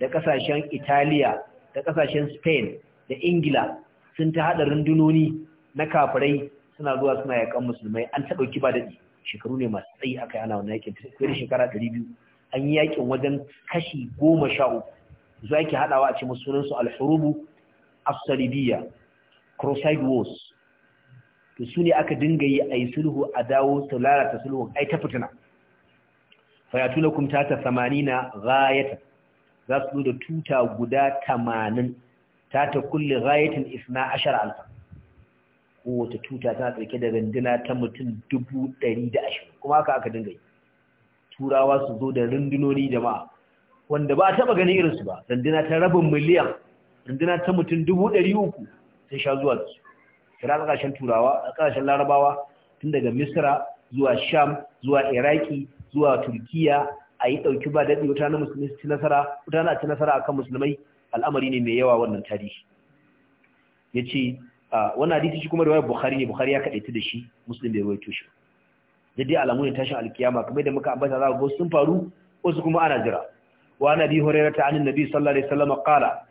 da kasashen italiya da kasashen spain da ingila sun ta haɗa rundunoni na kafirai suna zuwa suna yakan musulmai an ta ɗauki ba daɗi shekaru ne masu tsayi aka yi ana wani yakin da shekara ɗari biyu an yi yakin wajen kashi goma sha uku zuwa ki haɗawa a ce musu sunansu alhurubu asalibiya crosside wars to su ne aka dinga yi a yi sulhu a dawo su lalata sulhun ai ta fitina fayatunakum tata samanina ghayata za su zo da tuta guda 80 tata kulli ghayatin 12000 kowace tuta tana dauke da runduna ta mutum dubu ɗari da ashirin kuma haka aka dinga yi turawa su zo da rundunoni jama'a wanda ba a taba ganin irinsu ba runduna ta rabin miliyan runduna ta mutum dubu ɗari uku sun sha zuwa da su kira kasashen turawa kasashen larabawa tun daga Misira, zuwa sham zuwa iraki zuwa turkiya a yi ɗauki ba daɗi wata na musulmi ci nasara wata na ci nasara akan musulmai al'amari ne mai yawa wannan tarihi ya ce wannan hadisi shi kuma da wayar bukhari ne bukhari ya kaɗaitu da shi musulmi bai rawaito shi da dai alamu ne tashin alkiyama kamar da muka ambata za ga sun faru wasu kuma ana jira wa nabi hurairah ta anin nabi sallallahu alaihi wasallam qala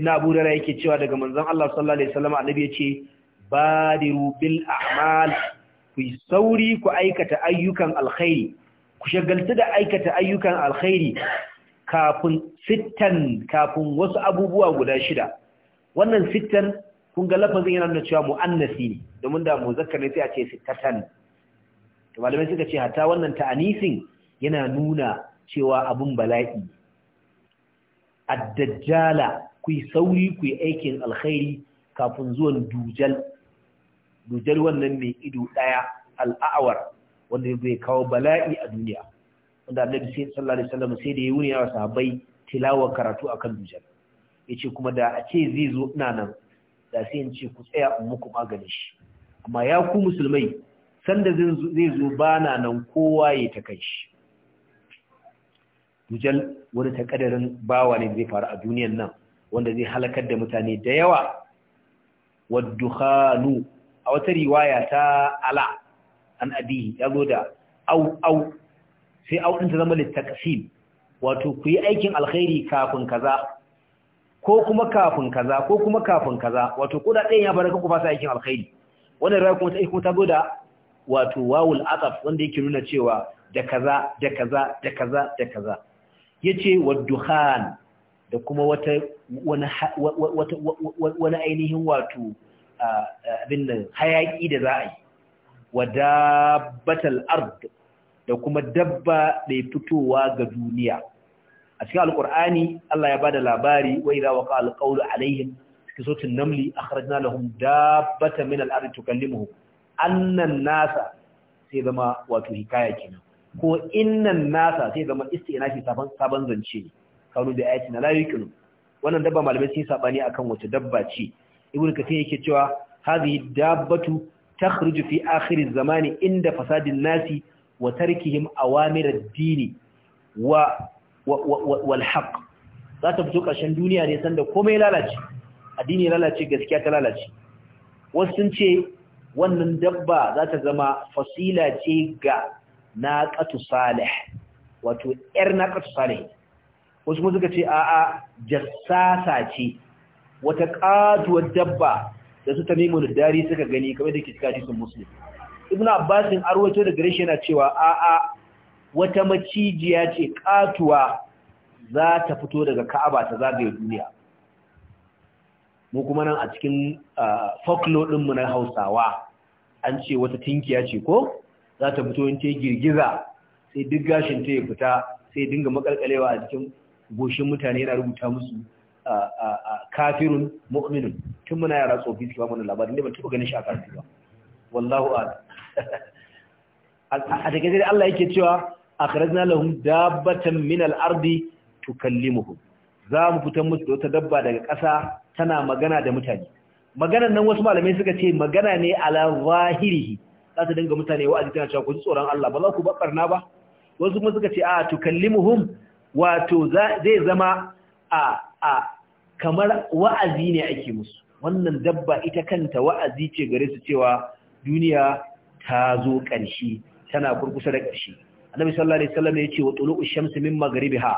na abu dara yake cewa daga manzon Allah sallallahu alaihi wasallam annabi ba badiru bil a'mal ku sauri ku aikata ayyukan alkhairi ku shagaltu da aikata ayyukan alkhairi kafin sittan kafin wasu abubuwa guda shida wannan sittan kun ga lafazin yana nuna cewa mu'annasi ne domin da muzakkar ne sai a ce sittatan to malamai suka ce hatta wannan ta'anisin yana nuna cewa abun bala'i ad-dajjala ku yi sauri ku yi aikin alkhairi kafin zuwan dujal dujal wannan mai ido ɗaya al'awar wanda ya kawo bala'i a duniya wanda annabi sai sallallahu alaihi wasallam sai da ya wuni wa sahabbai tilawa karatu akan dujal yace kuma da a ce zai zo ina nan da sai in ce ku tsaya in muku magani shi amma ya ku musulmai sanda zai zo bana nan kowa ya ta kai shi dujal wani takadarin bawa ne zai faru a duniyan nan wanda zai halakar da mutane da yawa waddukhanu a wata riwaya ta ala an abi ya zo da au au sai au ɗin ta zama littaqsim wato ku yi aikin alkhairi kafin kaza ko kuma kafin kaza ko kuma kafin kaza wato ko da ɗayan ya fara kanku fasa aikin alkhairi wannan rayuwa kuma ta aiki ta zo da wato wawul aqaf wanda yake nuna cewa da kaza da kaza da kaza da kaza yace Dukhan, da kuma wata wani wata wani ainihin wato abin nan hayaki da za a yi wa dabbatal ard da kuma dabba da ya fitowa ga duniya a cikin alqur'ani Allah ya bada labari wa idza waqa alqawlu alaihim cikin namli akhrajna lahum dabbatan min al-ard anna annan nasa sai zama wato hikaya kenan ko innan nasa sai zama shi saban saban zance ne kawo da ayatina la yuqinu wannan dabba malamai sun sabani akan wace dabba ce ibnu kathir yake cewa hadhihi dabbatu takhruju fi akhiriz zamani inda fasadin nasi wa tarkihim awamir ad-dini wal haqq za fito ƙarshen duniya ne sanda komai lalace addini lalace gaskiya ta lalace wasu sun ce wannan dabba za ta zama fasila ce ga naqatu salih wato yar naqatu salih wasu kuma suka ce a'a jassasa ce wata ƙatuwar dabba da su da dari suka gani kamar da ke cikin hadisin muslim ibn abbasin arwato da gare yana cewa a'a wata macijiya ce katuwa za ta fito daga ka'aba ta zagaye duniya mu kuma nan a cikin folklore ɗinmu na hausawa an ce wata tinkiya ce ko za ta fito in ta girgiza sai duk gashin ta ya fita sai dinga makalkalewa a cikin goshin mutane yana rubuta musu kafirun mu'minun tun muna yara tsofi suke ba mana labarin ne ba taɓa ganin shi a karfi ba wallahu ala a take dai Allah yake cewa na lahum dabbatan min al-ardi tukallimuhum za mu fitan musu da wata dabba daga ƙasa tana magana da mutane maganan nan wasu malamai suka ce magana ne ala zahirihi za ta dinga mutane wa'azi tana cewa ku ji tsoron Allah ba za ku ba na ba wasu kuma suka ce a tukallimuhum wato zai zama a a kamar wa'azi ne ake musu wannan dabba ita kanta wa'azi ce gare su cewa duniya ta zo ƙarshe tana kurkusa da ƙarshe annabi sallallahu alaihi wasallam ya ce wa tulu'u shamsi min maghribiha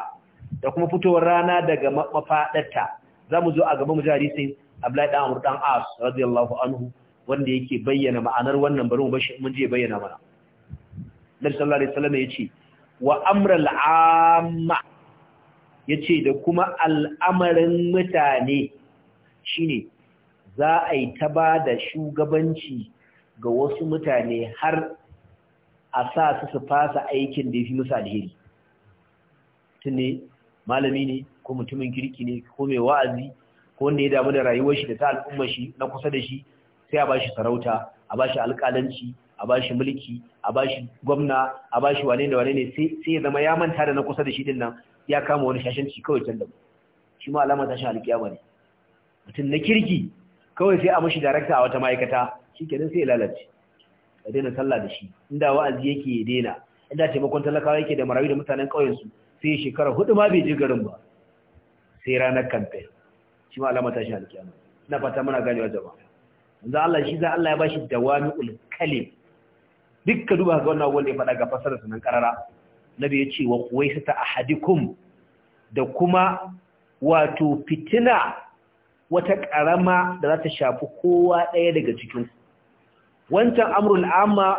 da kuma fitowar rana daga mafadarta zamu zo a gaba mu jari sai Abdullahi dan Amr dan As radiyallahu anhu wanda yake bayyana ma'anar wannan bari mu bashi mun je bayyana mana Nabi sallallahu alaihi wasallam ya ce wa amral amma ya ce da kuma al'amarin mutane shi ne, za a yi ta ba da shugabanci ga wasu mutane har a sa su su fasa aikin da ya fi musu alheri ne, malami ne ko mutumin kirki ne ko mai wa'azi ko wanda ya damu da rayuwar shi da ta al'umma shi na kusa da shi sai a ba shi sarauta a ba shi alƙalanci a ba shi mulki a ba shi gwamna a ba shi wane da wane ne sai ya zama ya manta da na kusa da shi din nan ya kama wani shashanci kawai can da shi ma alama tashin alkiyama ne mutum na kirki kawai sai a mashi darakta a wata ma'aikata shi kenan sai ya lalace ya daina sallah da shi inda wa'azi yake ya daina inda taimakon talakawa yake da marayu da mutanen ƙauyensu sai shekara hudu ma bai je garin ba sai ranar kamfe shi ma alama tashin alkiyama ina fata muna ganewa jama'a yanzu Allah shi za Allah ya bashi dawami'ul ulkalim dukkan duba ga wannan wanda ya faɗa ga fasarar sunan karara nabi ya ce wa kuwaisata ahadikum da kuma wato fitina wata karama da za ta shafi kowa ɗaya daga cikin wancan amrul amma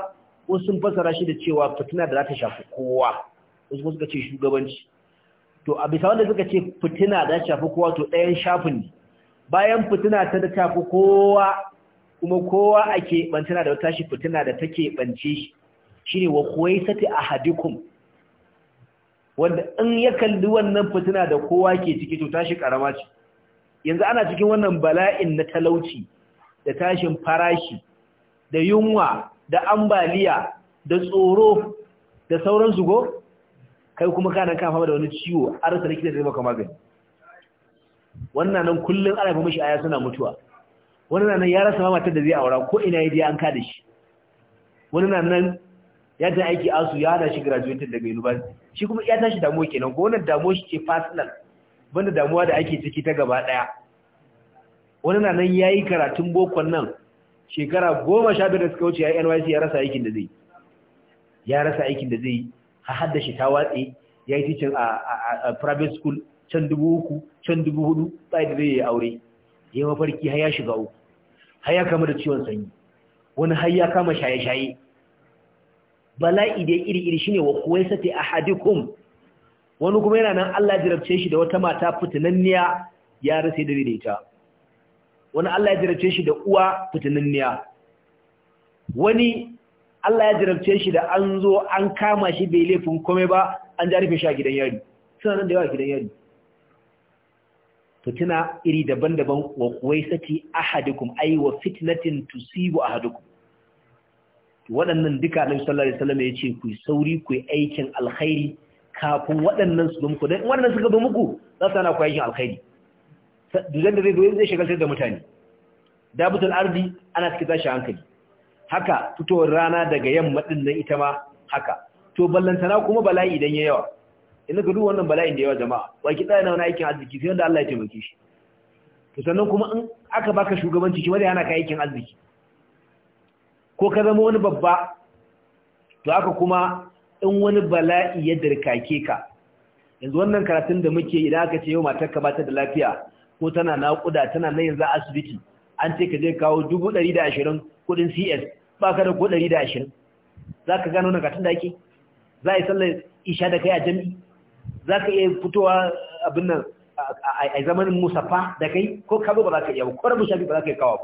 wasu sun fasara shi da cewa fitina da za ta shafi kowa wasu kuma suka ce shugabanci to a bisa wanda suka ce fitina da za ta shafi kowa to ɗayan shafin ne bayan fitina ta da tafi kowa kuma kowa a keɓantana da wata shi fitina da ta keɓance shi shi ne wa kuwaisati ahadikum wanda in ya kalli wannan fitina da kowa ke ciki to tashi karama ce yanzu ana cikin wannan bala'in na talauci da tashin farashi da yunwa da ambaliya da tsoro da sauran zugo kai kuma kana fama da wani ciwo a rasa likita zai maka magani wannan nan kullum ana mashi aya suna mutuwa wannan nan ya rasa matar da zai aura ko ina ya da an da shi wannan nan ya ta aiki asu ya na shi graduated daga university shi kuma ya tashi damuwa kenan ko wannan damuwa shi ce personal banda damuwa da ake ciki ta gaba daya wani na nan yayi karatun bokon nan shekara goma sha biyar da suka wuce ya NYC ya rasa aikin da zai ya rasa aikin da zai ha hadda shi ta watse ya yi teaching a private school can dubu uku can dubu hudu bai da zai yi aure ya yi mafarki har ya shiga uku har ya kama da ciwon sanyi wani har ya kama shaye-shaye bala'i da iri-iri shine wa kuwai a ahadikum wani kuma yana nan Allah jirabce shi da wata mata fitinanniya ya rasu da ita wani Allah ya jirabce shi da uwa fitinanniya wani Allah ya jirabce shi da an zo an kama shi bai laifin kome ba an ja rufe shi a gidan yari suna nan da yawa gidan yari fitina iri daban-daban wa kuwai a ahadikum ai wa fitinatin tusibu hadikun waɗannan duka annabi sallallahu alaihi wasallam ya ce ku sauri ku aikin alkhairi kafin waɗannan su muku dan waɗannan suka bi muku za su ana ku aikin alkhairi dujan da zai zo zai shagaltar da mutane dabutul ardi ana cikin tashi hankali haka fitowar rana daga yamma din nan ita ma haka to ballantana kuma bala'i idan ya yawa ina ka duba wannan bala'in da yawa jama'a wa ki tsaya na wani aikin arziki sai wanda Allah ya taimake shi to sannan kuma in aka baka shugabanci kuma zai hana ka aikin arziki ko ka zama wani babba to haka kuma in wani bala'i ya dirkake ka yanzu wannan karatun da muke idan aka ce yau matar ka bata da lafiya ko tana naƙuda tana na yanzu asibiti an ce ka je kawo dubu ɗari da ashirin kuɗin cs ba ka da ko ɗari da ashirin za ka gano katin da ake za a yi sallar isha da kai a jami'i za ka iya fitowa abin nan a zamanin musafa da kai ko kabo ba za ka iya ba? ko rabu shafi ba za ka iya kawo ba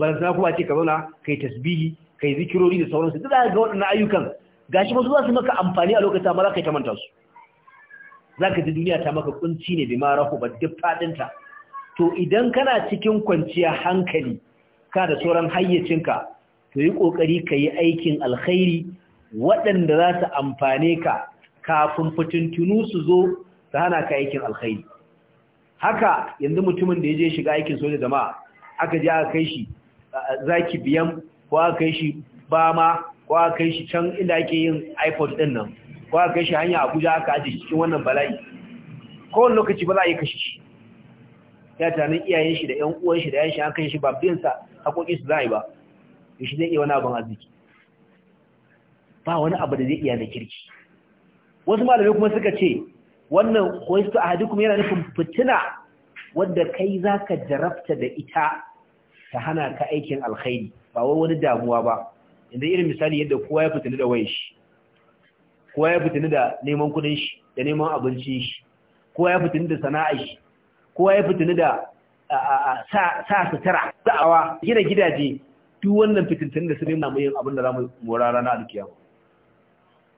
suna kuma ce ka zauna kai tasbihi kai zikirori da sauransu duk za ga waɗannan ayyukan gashi ba su za su maka amfani a lokacin amma za ka yi ta manta su za ka ji duniya ta maka kunci ne ma rahu ba duk faɗinta to idan kana cikin kwanciya hankali ka da sauran hayyacinka to yi ƙoƙari ka yi aikin alkhairi waɗanda za su amfane ka kafin fitintunu su zo su hana ka aikin alkhairi haka yanzu mutumin da ya je shiga aikin soja jama'a aka je aka kai shi Za ki biyan ko aka kai shi bama ko aka kai shi can inda ake yin iPod din nan ko aka kai shi hanya Abuja aka aje cikin wannan bala'i ko wani lokaci ba za a yi kashe shi ya tani iyayen shi da yan uwan shi da yan shi an kai shi biyan sa hakokin su yi ba shi zai iya wani abin arziki ba wani abu da zai iya na kirki wasu malamai kuma suka ce wannan koyistu kuma yana nufin fitina wanda kai zaka jarabta da ita ta hana ka aikin alkhairi ba wai wani damuwa ba inda irin misali yadda kowa ya fitini da wayan shi kowa ya fitini da neman kudin shi da neman abincin shi kowa ya fitini da sana'a shi kowa ya fitini da sa sutura da'awa gina gidaje duk wannan fitintun da su ne mu yin abin da za mu mora rana alkiya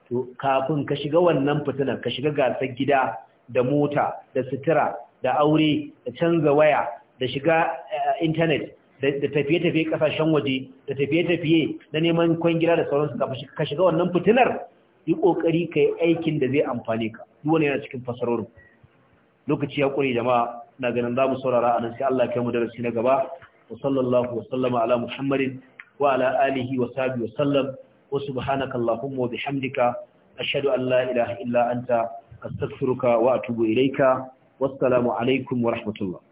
to kafin ka shiga wannan fitinar ka shiga gasar gida da mota da sutura da aure da canza waya da shiga eh, intanet da tafiye-tafiye kasashen waje da tafiye-tafiye da neman kwangila da sauransu ka shiga wannan fitilar yi kokari ka yi aikin da zai amfani ka duwane wani yana cikin fasarorin lokaci ya kure jama'a na ganin za mu saurara a nan sai Allah ya kai mu darasi na gaba wa sallallahu wa sallama ala muhammadin wa ala alihi wa sahbihi wa sallam wa subhanaka allahumma wa bihamdika ashhadu an la ilaha illa anta astaghfiruka wa atubu ilayka wassalamu alaikum wa rahmatullah